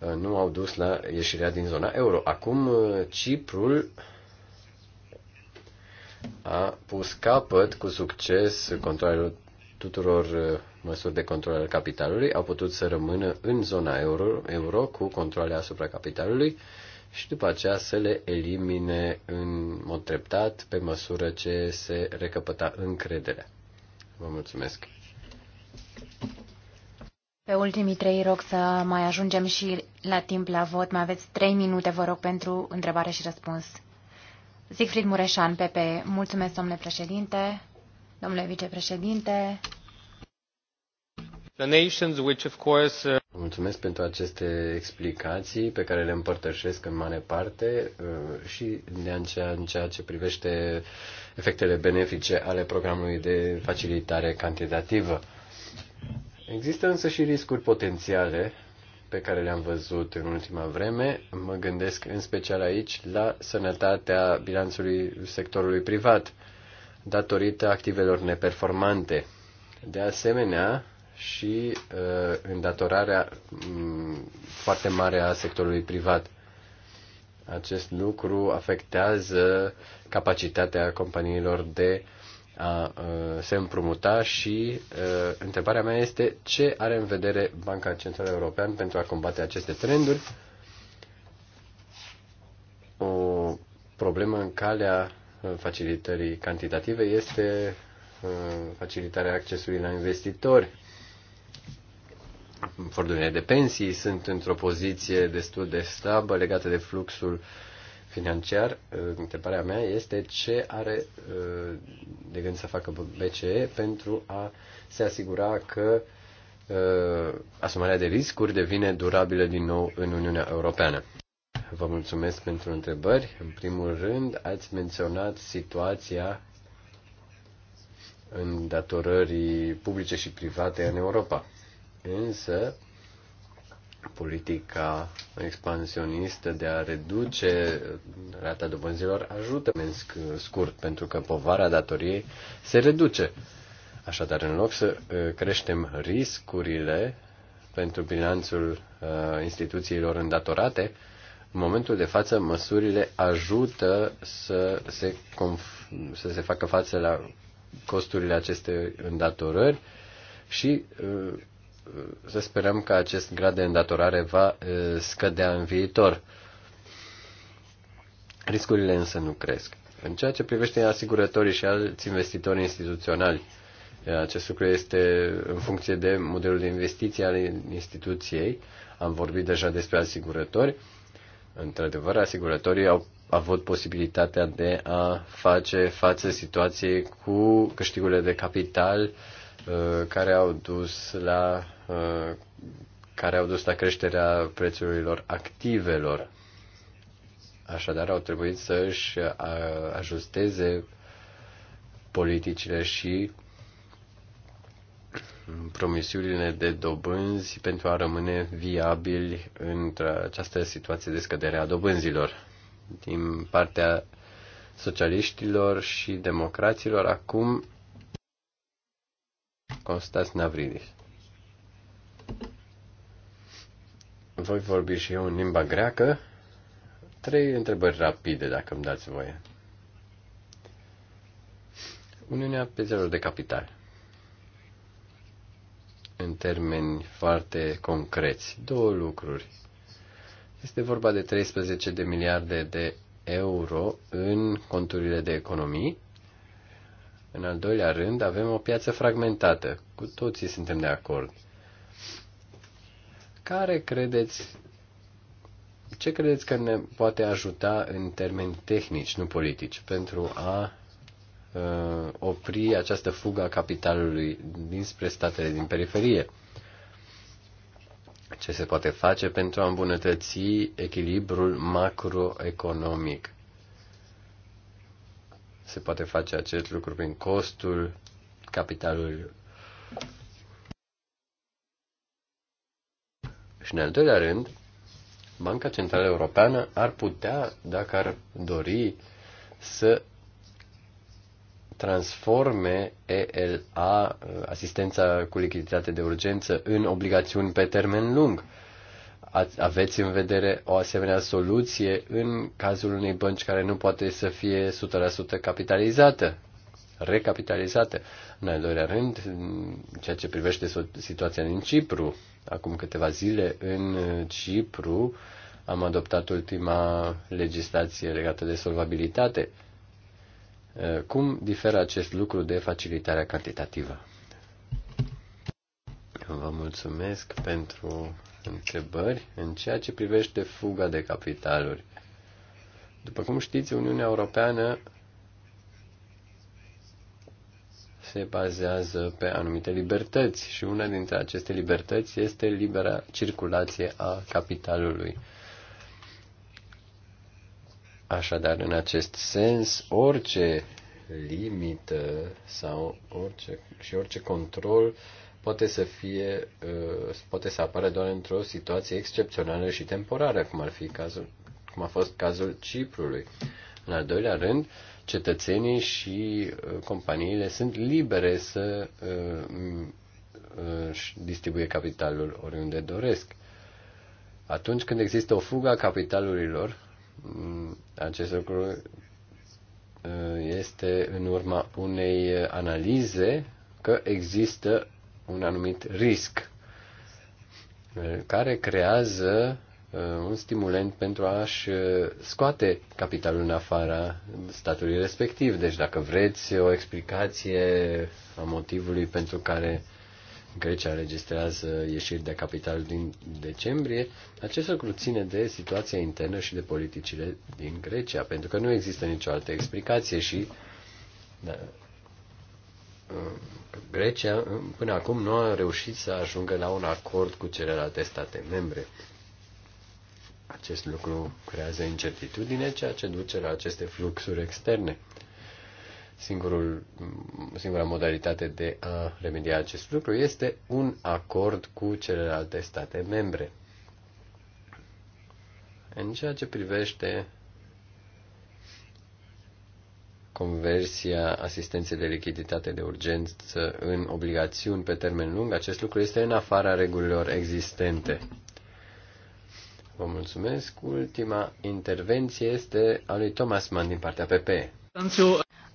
Uh, nu au dus la ieșirea din zona euro. Acum uh, Ciprul a pus capăt cu succes controlelor tuturor uh, măsuri de control al capitalului, au putut să rămână în zona euro, euro cu controle asupra capitalului și după aceea să le elimine în mod treptat pe măsură ce se recăpăta încrederea. Vă mulțumesc! Pe ultimii trei rog să mai ajungem și la timp la vot. Mai aveți trei minute, vă rog, pentru întrebare și răspuns. Siegfried Mureșan, PP. Mulțumesc, domnule președinte, domnule vicepreședinte. Uh, Mulțumesc pentru aceste explicații pe care le împărtășesc în mare parte uh, și în ceea ce privește efectele benefice ale programului de facilitare cantitativă. Există însă și riscuri potențiale pe care le-am văzut în ultima vreme. Mă gândesc în special aici la sănătatea bilanțului sectorului privat, datorită activelor neperformante. De asemenea, și uh, îndatorarea um, foarte mare a sectorului privat. Acest lucru afectează capacitatea companiilor de uh, a se împrumuta și întrebarea mea este ce are în vedere Banca Centrală Europeană pentru a combate aceste trenduri. O problemă în calea facilitării cantitative este facilitarea accesului la investitori. Fondurile de pensii sunt într-o poziție destul de slabă legată de fluxul financiar, uh, întrebarea mea este ce are uh, de gând să facă BCE pentru a se asigura că uh, asumarea de riscuri devine durabilă din nou în Uniunea Europeană. Vă mulțumesc pentru întrebări. În primul rând, ați menționat situația în datorării publice și private în Europa. Însă, politica expansionistă de a reduce rata dobânzilor ajută scurt, pentru că povara datoriei se reduce. Așadar, în loc să uh, creștem riscurile pentru bilanțul uh, instituțiilor îndatorate, în momentul de față măsurile ajută să se, conf- să se facă față la costurile acestei îndatorări și uh, să sperăm că acest grad de îndatorare va scădea în viitor. Riscurile însă nu cresc. În ceea ce privește asigurătorii și alți investitori instituționali, acest lucru este în funcție de modelul de investiție al instituției. Am vorbit deja despre asigurători. Într-adevăr, asigurătorii au avut posibilitatea de a face față situației cu câștigurile de capital care au dus la Uh, care au dus la creșterea prețurilor activelor. Așadar, au trebuit să își uh, ajusteze politicile și promisiunile de dobânzi pentru a rămâne viabili într-această situație de scădere a dobânzilor. Din partea socialiștilor și democraților, acum Constas Navridis. Voi vorbi și eu în limba greacă. Trei întrebări rapide, dacă îmi dați voie. Uniunea piețelor de capital. În termeni foarte concreți, două lucruri. Este vorba de 13 de miliarde de euro în conturile de economii. În al doilea rând, avem o piață fragmentată. Cu toții suntem de acord. Care credeți, ce credeți că ne poate ajuta în termeni tehnici, nu politici, pentru a uh, opri această fugă a capitalului dinspre statele din periferie? Ce se poate face pentru a îmbunătăți echilibrul macroeconomic? Se poate face acest lucru prin costul capitalului Și în al doilea rând, Banca Centrală Europeană ar putea, dacă ar dori, să transforme ELA, asistența cu lichiditate de urgență, în obligațiuni pe termen lung. Aveți în vedere o asemenea soluție în cazul unei bănci care nu poate să fie 100% capitalizată? recapitalizate. În al doilea rând, ceea ce privește situația din Cipru, acum câteva zile în Cipru am adoptat ultima legislație legată de solvabilitate. Eh, cum diferă acest lucru de facilitarea cantitativă? Vă mulțumesc pentru întrebări în ceea ce privește fuga de capitaluri. După cum știți, Uniunea Europeană se bazează pe anumite libertăți și una dintre aceste libertăți este libera circulație a capitalului. Așadar, în acest sens, orice limită sau orice, și orice control poate să fie, uh, poate să apară doar într-o situație excepțională și temporară, cum ar fi cazul, cum a fost cazul Ciprului. În al doilea rând, cetățenii și uh, companiile sunt libere să uh, își distribuie capitalul oriunde doresc. Atunci când există o fugă a capitalurilor, acest lucru uh, este în urma unei analize că există un anumit risc care creează Uh, un stimulent pentru a-și uh, scoate capitalul în afara statului respectiv. Deci dacă vreți o explicație a motivului pentru care Grecia registrează ieșiri de capital din decembrie, acest lucru ține de situația internă și de politicile din Grecia, pentru că nu există nicio altă explicație și da, uh, Grecia până acum nu a reușit să ajungă la un acord cu celelalte state membre. Acest lucru creează incertitudine, ceea ce duce la aceste fluxuri externe. Singurul, singura modalitate de a remedia acest lucru este un acord cu celelalte state membre. În ceea ce privește conversia asistenței de lichiditate de urgență în obligațiuni pe termen lung, acest lucru este în afara regulilor existente. Vă mulțumesc. Ultima intervenție este a lui Thomas Mann din partea PP.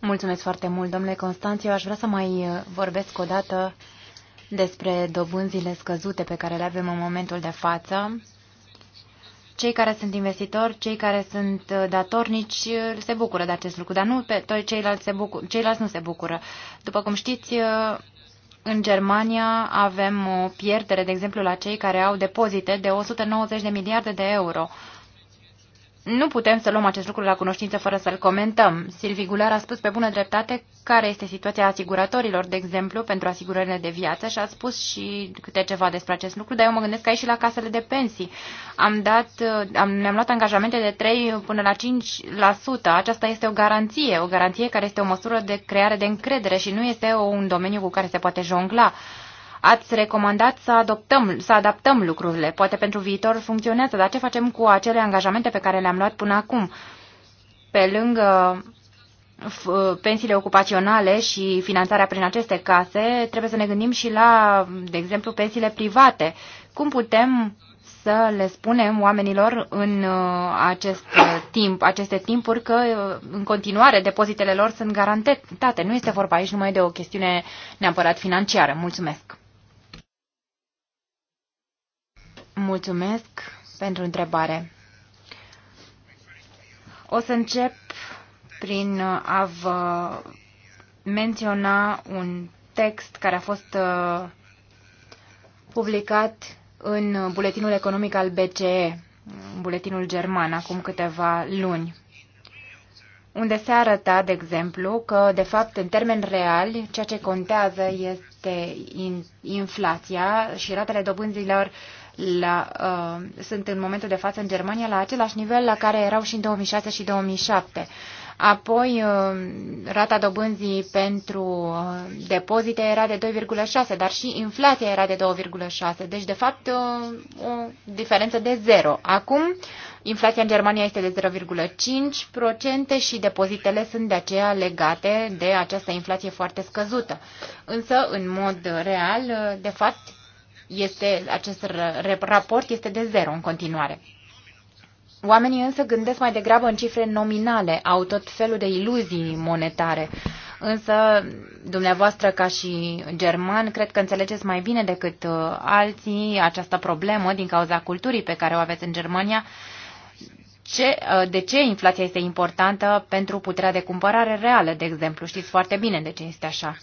Mulțumesc foarte mult, domnule Constanțiu. Aș vrea să mai uh, vorbesc o dată despre dobânzile scăzute pe care le avem în momentul de față. Cei care sunt investitori, cei care sunt uh, datornici uh, se bucură de acest lucru, dar nu pe toți ceilalți, se bucur, ceilalți nu se bucură. După cum știți, în Germania avem o pierdere, de exemplu, la cei care au depozite de 190 de miliarde de euro nu putem să luăm acest lucru la cunoștință fără să-l comentăm. Silvi Gular a spus pe bună dreptate care este situația asiguratorilor, de exemplu, pentru asigurările de viață și a spus și câte ceva despre acest lucru, dar eu mă gândesc aici și la casele de pensii. Am dat, am, ne-am luat angajamente de 3 până la 5%. Aceasta este o garanție, o garanție care este o măsură de creare de încredere și nu este un domeniu cu care se poate jongla. Ați recomandat să, adoptăm, să adaptăm lucrurile. Poate pentru viitor funcționează, dar ce facem cu acele angajamente pe care le-am luat până acum? Pe lângă pensiile ocupaționale și finanțarea prin aceste case, trebuie să ne gândim și la, de exemplu, pensiile private. Cum putem să le spunem oamenilor în uh, acest timp, aceste timpuri că uh, în continuare depozitele lor sunt garantate. Nu este vorba aici numai de o chestiune neapărat financiară. Mulțumesc! Mulțumesc pentru întrebare. O să încep prin a vă menționa un text care a fost uh, publicat în buletinul economic al BCE, buletinul german, acum câteva luni, unde se arăta, de exemplu, că, de fapt, în termeni reali, ceea ce contează este inflația și ratele dobânzilor uh, la, uh, sunt în momentul de față în Germania la același nivel la care erau și în 2006 și 2007. Apoi, uh, rata dobânzii pentru uh, depozite era de 2,6, dar și inflația era de 2,6, deci, de fapt, uh, o diferență de 0. Acum, inflația în Germania este de 0,5% și depozitele sunt de aceea legate de această inflație foarte scăzută. Însă, în mod real, uh, de fapt, este, acest raport este de zero în continuare. Oamenii însă gândesc mai degrabă în cifre nominale, au tot felul de iluzii monetare. Însă, dumneavoastră, ca și german, cred că înțelegeți mai bine decât uh, alții această problemă din cauza culturii pe care o aveți în Germania. Ce, uh, de ce inflația este importantă pentru puterea de cumpărare reală, de exemplu? Știți foarte bine de ce este așa.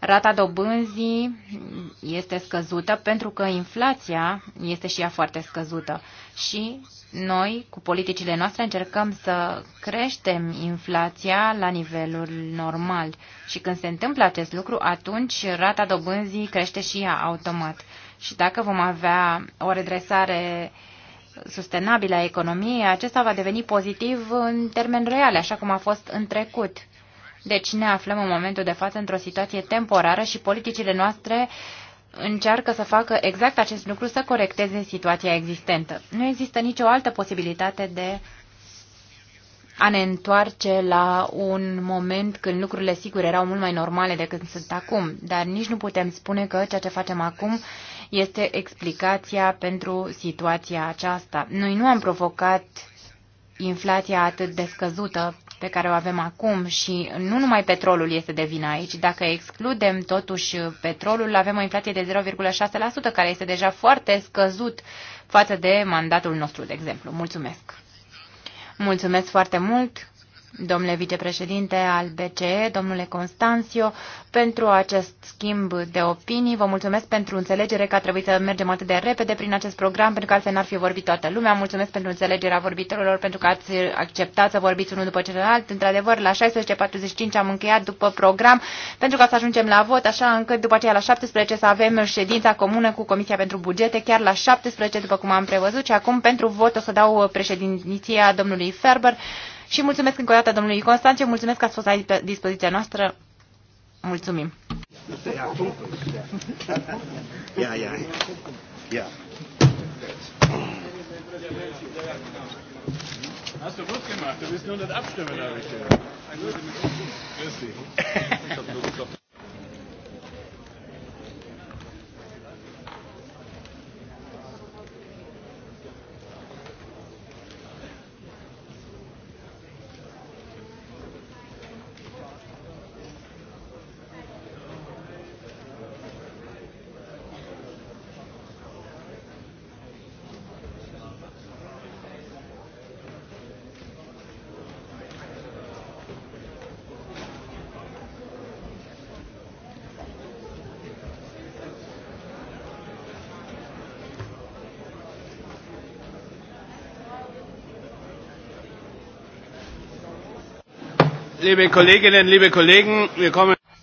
Rata dobânzii este scăzută pentru că inflația este și ea foarte scăzută și noi, cu politicile noastre, încercăm să creștem inflația la nivelul normal. Și când se întâmplă acest lucru, atunci rata dobânzii crește și ea automat. Și dacă vom avea o redresare sustenabilă a economiei, acesta va deveni pozitiv în termeni reale, așa cum a fost în trecut. Deci ne aflăm în momentul de față într-o situație temporară și politicile noastre încearcă să facă exact acest lucru, să corecteze situația existentă. Nu există nicio altă posibilitate de a ne întoarce la un moment când lucrurile sigur erau mult mai normale decât sunt acum, dar nici nu putem spune că ceea ce facem acum este explicația pentru situația aceasta. Noi nu am provocat inflația atât de scăzută pe care o avem acum și nu numai petrolul este de vină aici, dacă excludem totuși petrolul, avem o inflație de 0,6% care este deja foarte scăzut față de mandatul nostru, de exemplu. Mulțumesc! Mulțumesc foarte mult! domnule vicepreședinte al BCE, domnule Constanțio, pentru acest schimb de opinii. Vă mulțumesc pentru înțelegere că a trebuit să mergem atât de repede prin acest program, pentru că altfel n-ar fi vorbit toată lumea. Mulțumesc pentru înțelegerea vorbitorilor, pentru că ați acceptat să vorbiți unul după celălalt. Într-adevăr, la 16.45 am încheiat după program, pentru ca să ajungem la vot, așa încât după aceea la 17 să avem ședința comună cu Comisia pentru Bugete, chiar la 17, după cum am prevăzut. Și acum, pentru vot, o să dau președinția domnului Ferber. Și mulțumesc încă o dată domnului Constanțiu, mulțumesc că ați fost la dispoziția noastră. Mulțumim. Ia, ia, ia. Hast du gut gemacht, du bist nur nicht abstimmen, habe ich gehört. Grüß dich. Ich habe nur geklopft.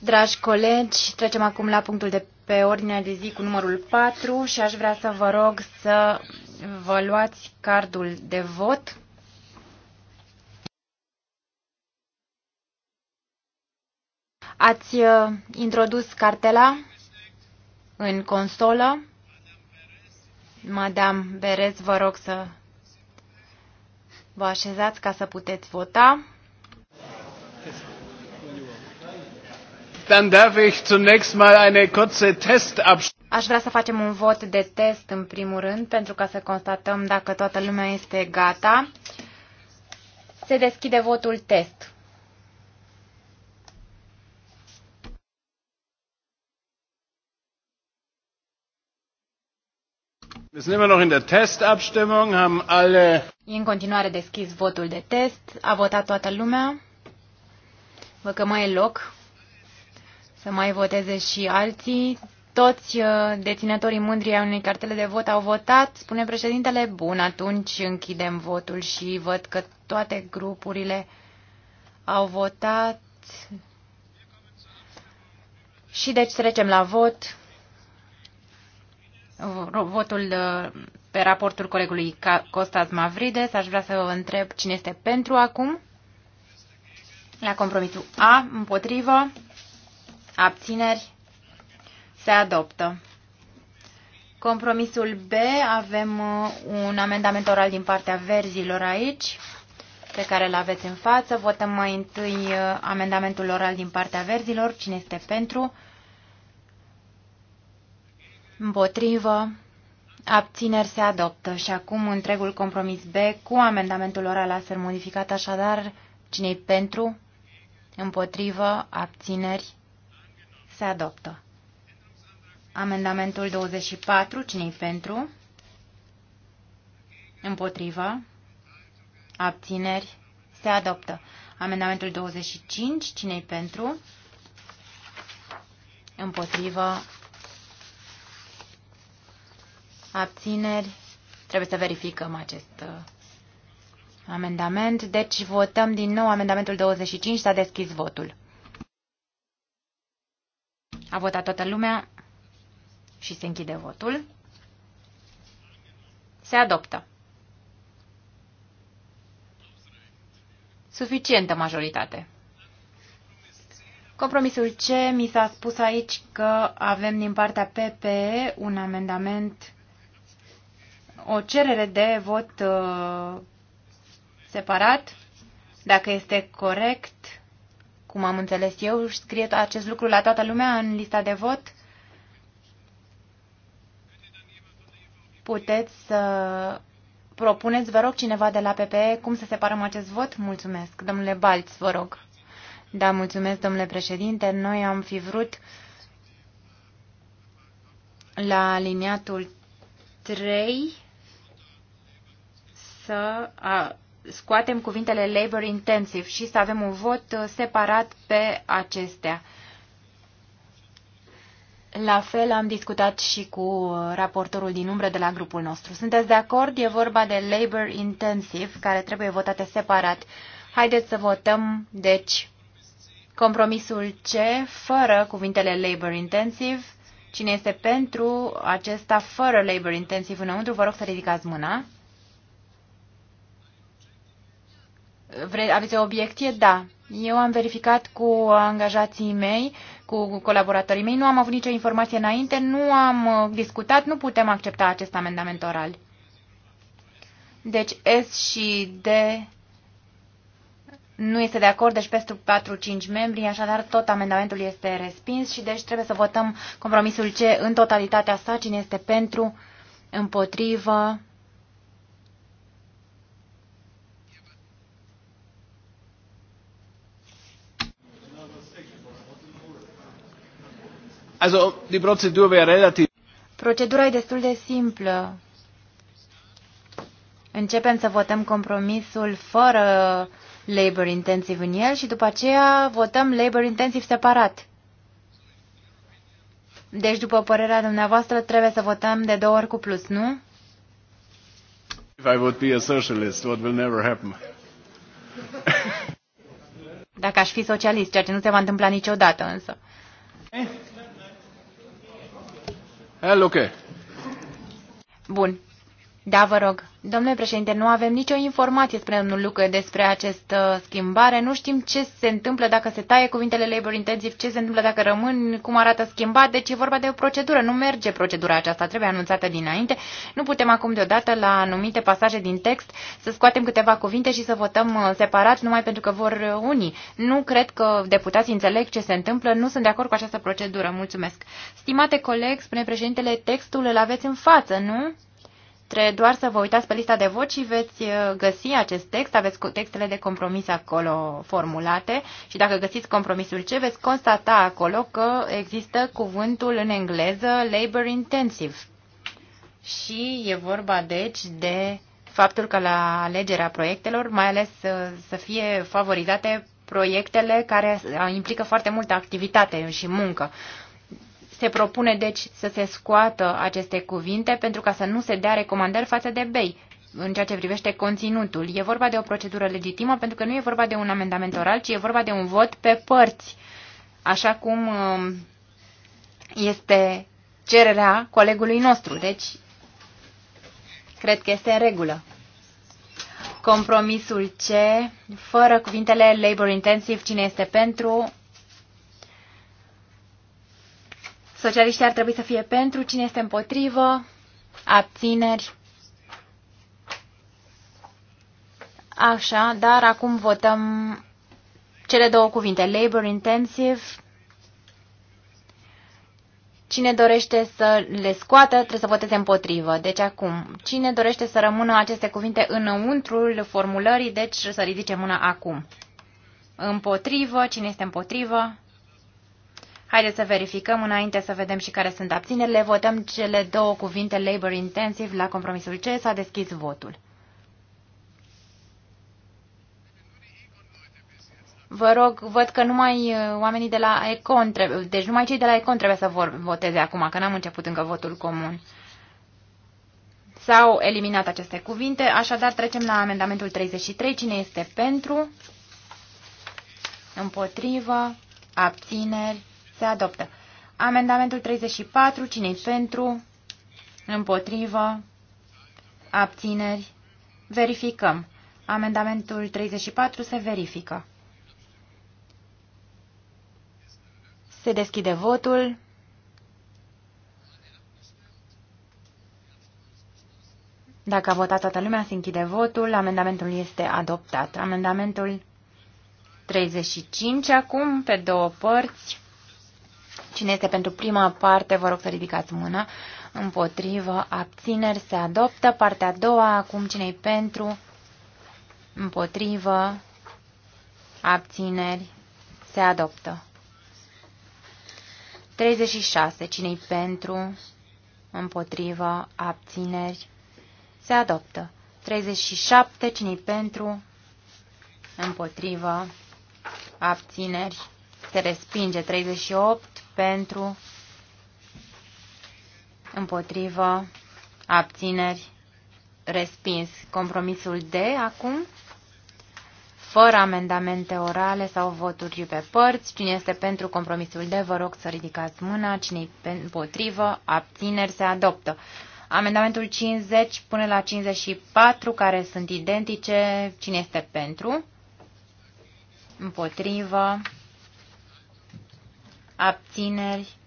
Dragi colegi, trecem acum la punctul de pe ordinea de zi cu numărul 4 și aș vrea să vă rog să vă luați cardul de vot. Ați uh, introdus cartela în consolă. Madame Berez, vă rog să vă așezați ca să puteți vota. Dann darf ich zunächst mal eine kurze Aș vrea să facem un vot de test în primul rând pentru ca să constatăm dacă toată lumea este gata. Se deschide votul test. Wir sind immer noch in der Testabstimmung, haben alle în continuare deschis votul de test. A votat toată lumea. Văd că mai e loc să mai voteze și alții. Toți uh, deținătorii mândri ai unei cartele de vot au votat, spune președintele. Bun, atunci închidem votul și văd că toate grupurile au votat. Și deci trecem la vot. Votul uh, pe raportul colegului Costas Mavrides. Aș vrea să vă întreb cine este pentru acum. La compromisul A, împotrivă, Abțineri? Se adoptă. Compromisul B, avem uh, un amendament oral din partea verzilor aici, pe care îl aveți în față. Votăm mai întâi uh, amendamentul oral din partea verzilor. Cine este pentru? Împotrivă. Abțineri se adoptă și acum întregul compromis B cu amendamentul oral astfel modificat, așadar cine pentru, împotrivă, abțineri se adoptă. Amendamentul 24, cine pentru? Împotrivă. Abțineri. Se adoptă. Amendamentul 25, cine pentru? Împotrivă. Abțineri. Trebuie să verificăm acest uh, amendament. Deci votăm din nou amendamentul 25. S-a deschis votul. A votat toată lumea și se închide votul. Se adoptă. Suficientă majoritate. Compromisul C, mi s-a spus aici că avem din partea PPE un amendament, o cerere de vot uh, separat. Dacă este corect, cum am înțeles eu, scrie acest lucru la toată lumea în lista de vot? Puteți să propuneți, vă rog, cineva de la PPE cum să separăm acest vot? Mulțumesc. Domnule Balț, vă rog. Da, mulțumesc, domnule președinte. Noi am fi vrut la aliniatul 3 să a, scoatem cuvintele labor intensive și să avem un vot uh, separat pe acestea. La fel am discutat și cu uh, raportorul din umbră de la grupul nostru. Sunteți de acord? E vorba de labor intensive, care trebuie votate separat. Haideți să votăm, deci, compromisul C, fără cuvintele labor intensive. Cine este pentru acesta, fără labor intensive înăuntru, vă rog să ridicați mâna. Vre, aveți o obiecție? Da. Eu am verificat cu angajații mei, cu colaboratorii mei, nu am avut nicio informație înainte, nu am uh, discutat, nu putem accepta acest amendament oral. Deci S și D nu este de acord, deci peste 4-5 membri, așadar tot amendamentul este respins și deci trebuie să votăm compromisul C în totalitatea sa, cine este pentru, împotrivă, Also, die Prozedur wäre relativ... Procedura e destul de simplă. Începem să votăm compromisul fără labor intensiv în el și după aceea votăm labor intensiv separat. Deci, după părerea dumneavoastră, trebuie să votăm de două ori cu plus, nu? If I would be a socialist, what will never happen. Dacă aș fi socialist, ceea ce nu se va întâmpla niciodată însă. Eh? Hello, okay. Bun. Da, vă rog. Domnule președinte, nu avem nicio informație, spre domnul Lucă, despre această schimbare. Nu știm ce se întâmplă dacă se taie cuvintele labor intensiv, ce se întâmplă dacă rămân, cum arată schimbat. Deci e vorba de o procedură. Nu merge procedura aceasta, trebuie anunțată dinainte. Nu putem acum deodată la anumite pasaje din text să scoatem câteva cuvinte și să votăm uh, separat numai pentru că vor uh, unii. Nu cred că deputații înțeleg ce se întâmplă. Nu sunt de acord cu această procedură. Mulțumesc. Stimate coleg, spune președintele, textul îl aveți în față, nu? Trebuie doar să vă uitați pe lista de vot și veți uh, găsi acest text, aveți textele de compromis acolo formulate și dacă găsiți compromisul C, veți constata acolo că există cuvântul în engleză labor intensive. Și e vorba deci de faptul că la alegerea proiectelor, mai ales uh, să fie favorizate proiectele care uh, implică foarte multă activitate și muncă. Se propune deci să se scoată aceste cuvinte pentru ca să nu se dea recomandări față de BEI în ceea ce privește conținutul. E vorba de o procedură legitimă pentru că nu e vorba de un amendament oral, ci e vorba de un vot pe părți, așa cum um, este cererea colegului nostru. Deci, cred că este în regulă. Compromisul C, fără cuvintele labor intensive, cine este pentru, Socialiștii ar trebui să fie pentru. Cine este împotrivă? Abțineri. Așa, dar acum votăm cele două cuvinte, labor intensive. Cine dorește să le scoată, trebuie să voteze împotrivă. Deci acum, cine dorește să rămână aceste cuvinte înăuntrul formulării, deci să ridice mâna acum. Împotrivă, cine este împotrivă? Haideți să verificăm înainte să vedem și care sunt abținerile. Votăm cele două cuvinte labor intensive la compromisul C. S-a deschis votul. Vă rog, văd că numai uh, oamenii de la Econ trebuie, deci numai cei de la Econ trebuie să vor voteze acum, că n-am început încă votul comun. S-au eliminat aceste cuvinte, așadar trecem la amendamentul 33. Cine este pentru? Împotrivă? Abțineri? se adoptă. Amendamentul 34, cine pentru? Împotrivă? Abțineri? Verificăm. Amendamentul 34 se verifică. Se deschide votul. Dacă a votat toată lumea, se închide votul. Amendamentul este adoptat. Amendamentul 35 acum, pe două părți. Cine este pentru prima parte, vă rog să ridicați mâna. Împotrivă, abțineri, se adoptă. Partea a doua, acum cine pentru, împotrivă, abțineri, se adoptă. 36. Cine-i pentru, împotrivă, abțineri, se adoptă. 37. Cine-i pentru, împotrivă, abțineri, se respinge. 38 pentru, împotrivă, abțineri, respins. Compromisul D acum, fără amendamente orale sau voturi pe părți. Cine este pentru compromisul D, vă rog să ridicați mâna. Cine împotrivă, abțineri, se adoptă. Amendamentul 50 până la 54, care sunt identice, cine este pentru? Împotrivă, abțineri.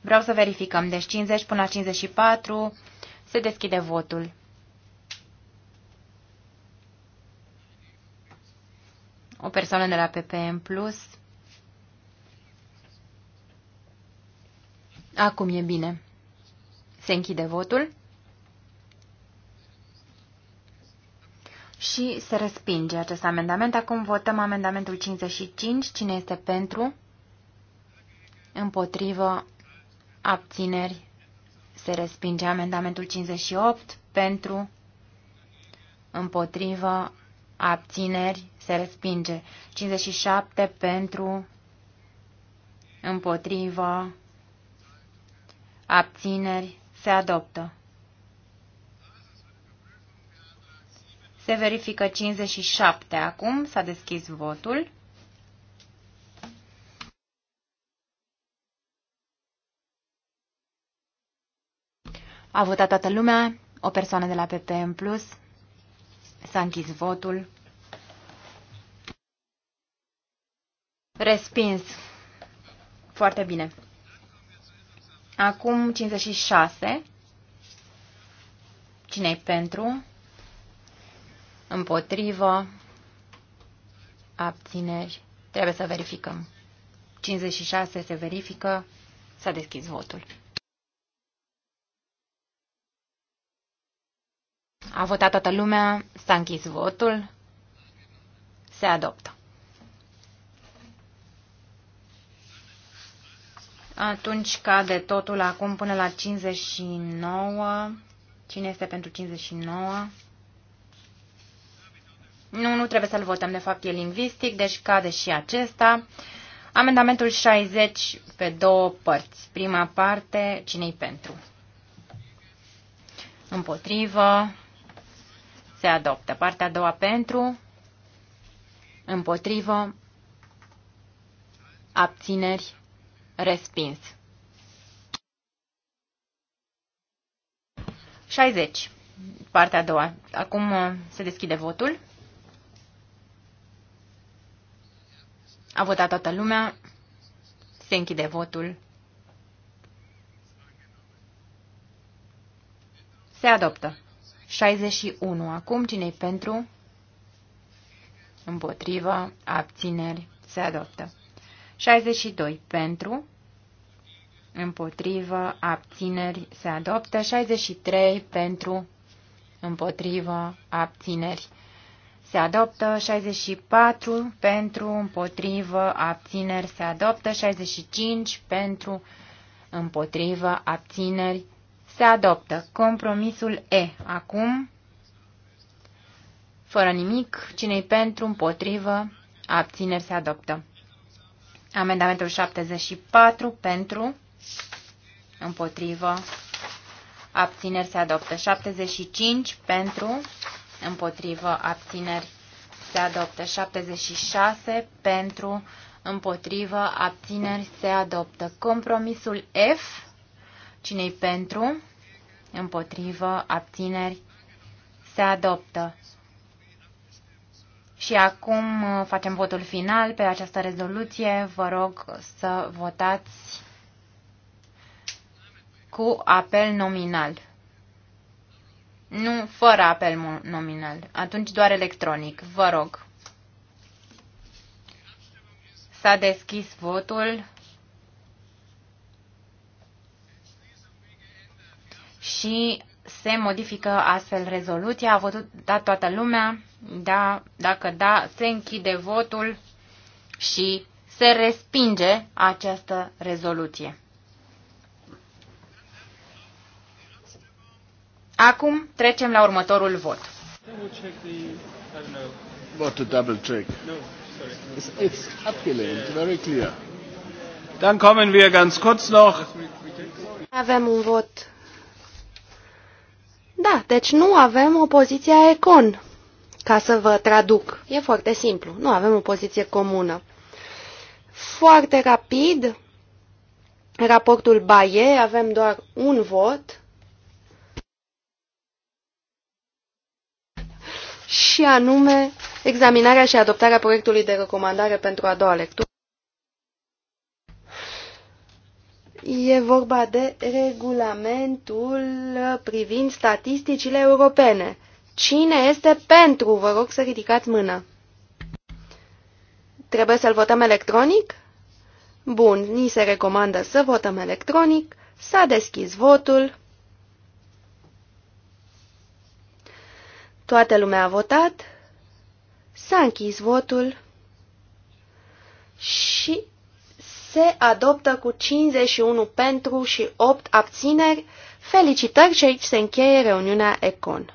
Vreau să verificăm. Deci 50 până la 54 se deschide votul. O persoană de la PPM Plus. Acum e bine. Se închide votul. Și se respinge acest amendament. Acum votăm amendamentul 55. Cine este pentru? împotrivă, abțineri, se respinge amendamentul 58, pentru, împotrivă, abțineri, se respinge. 57 pentru, împotrivă, abțineri, se adoptă. Se verifică 57 acum, s-a deschis votul. A votat toată lumea, o persoană de la PP în plus. S-a închis votul. Respins. Foarte bine. Acum 56. cine e pentru? Împotrivă. Abțineri. Trebuie să verificăm. 56 se verifică. S-a deschis votul. A votat toată lumea, s-a închis votul, se adoptă. Atunci cade totul acum până la 59. Cine este pentru 59? Nu, nu trebuie să-l votăm, de fapt e lingvistic, deci cade și acesta. Amendamentul 60 pe două părți. Prima parte, cine-i pentru? Împotrivă, se adoptă. Partea a doua pentru, împotrivă, abțineri, respins. 60. Partea a doua. Acum uh, se deschide votul. A votat toată lumea. Se închide votul. Se adoptă. 61. Acum cine pentru? Împotrivă. Abțineri. Se adoptă. 62. Pentru. Împotrivă. Abțineri. Se adoptă. 63. Pentru. Împotrivă. Abțineri. Se adoptă 64 pentru, împotrivă, abțineri. Se adoptă 65 pentru, împotrivă, abțineri. Se adoptă. Compromisul E. Acum, fără nimic, cine-i pentru, împotrivă, abțineri se adoptă. Amendamentul 74 pentru, împotrivă, abțineri se adoptă. 75 pentru, împotrivă, abțineri se adoptă. 76 pentru, împotrivă, abțineri se adoptă. Compromisul F Cine-i pentru? Împotrivă. Abțineri. Se adoptă. Și acum uh, facem votul final pe această rezoluție. Vă rog să votați cu apel nominal. Nu fără apel nominal. Atunci doar electronic. Vă rog. S-a deschis votul. și se modifică astfel rezoluția. A votat toată lumea? Da, dacă da, se închide votul și se respinge această rezoluție. Acum trecem la următorul vot. What double check? Uh, it's abgelehnt, very clear. Dann kommen wir ganz kurz noch. Avem un vot da, deci nu avem o poziție a Econ, ca să vă traduc. E foarte simplu, nu avem o poziție comună. Foarte rapid, raportul Baie, avem doar un vot. Și anume, examinarea și adoptarea proiectului de recomandare pentru a doua lectură. E vorba de regulamentul privind statisticile europene. Cine este pentru? Vă rog să ridicați mâna. Trebuie să-l votăm electronic? Bun, ni se recomandă să votăm electronic. S-a deschis votul. Toată lumea a votat. S-a închis votul. Și se adoptă cu 51 pentru și 8 abțineri. Felicitări și aici se încheie reuniunea ECON.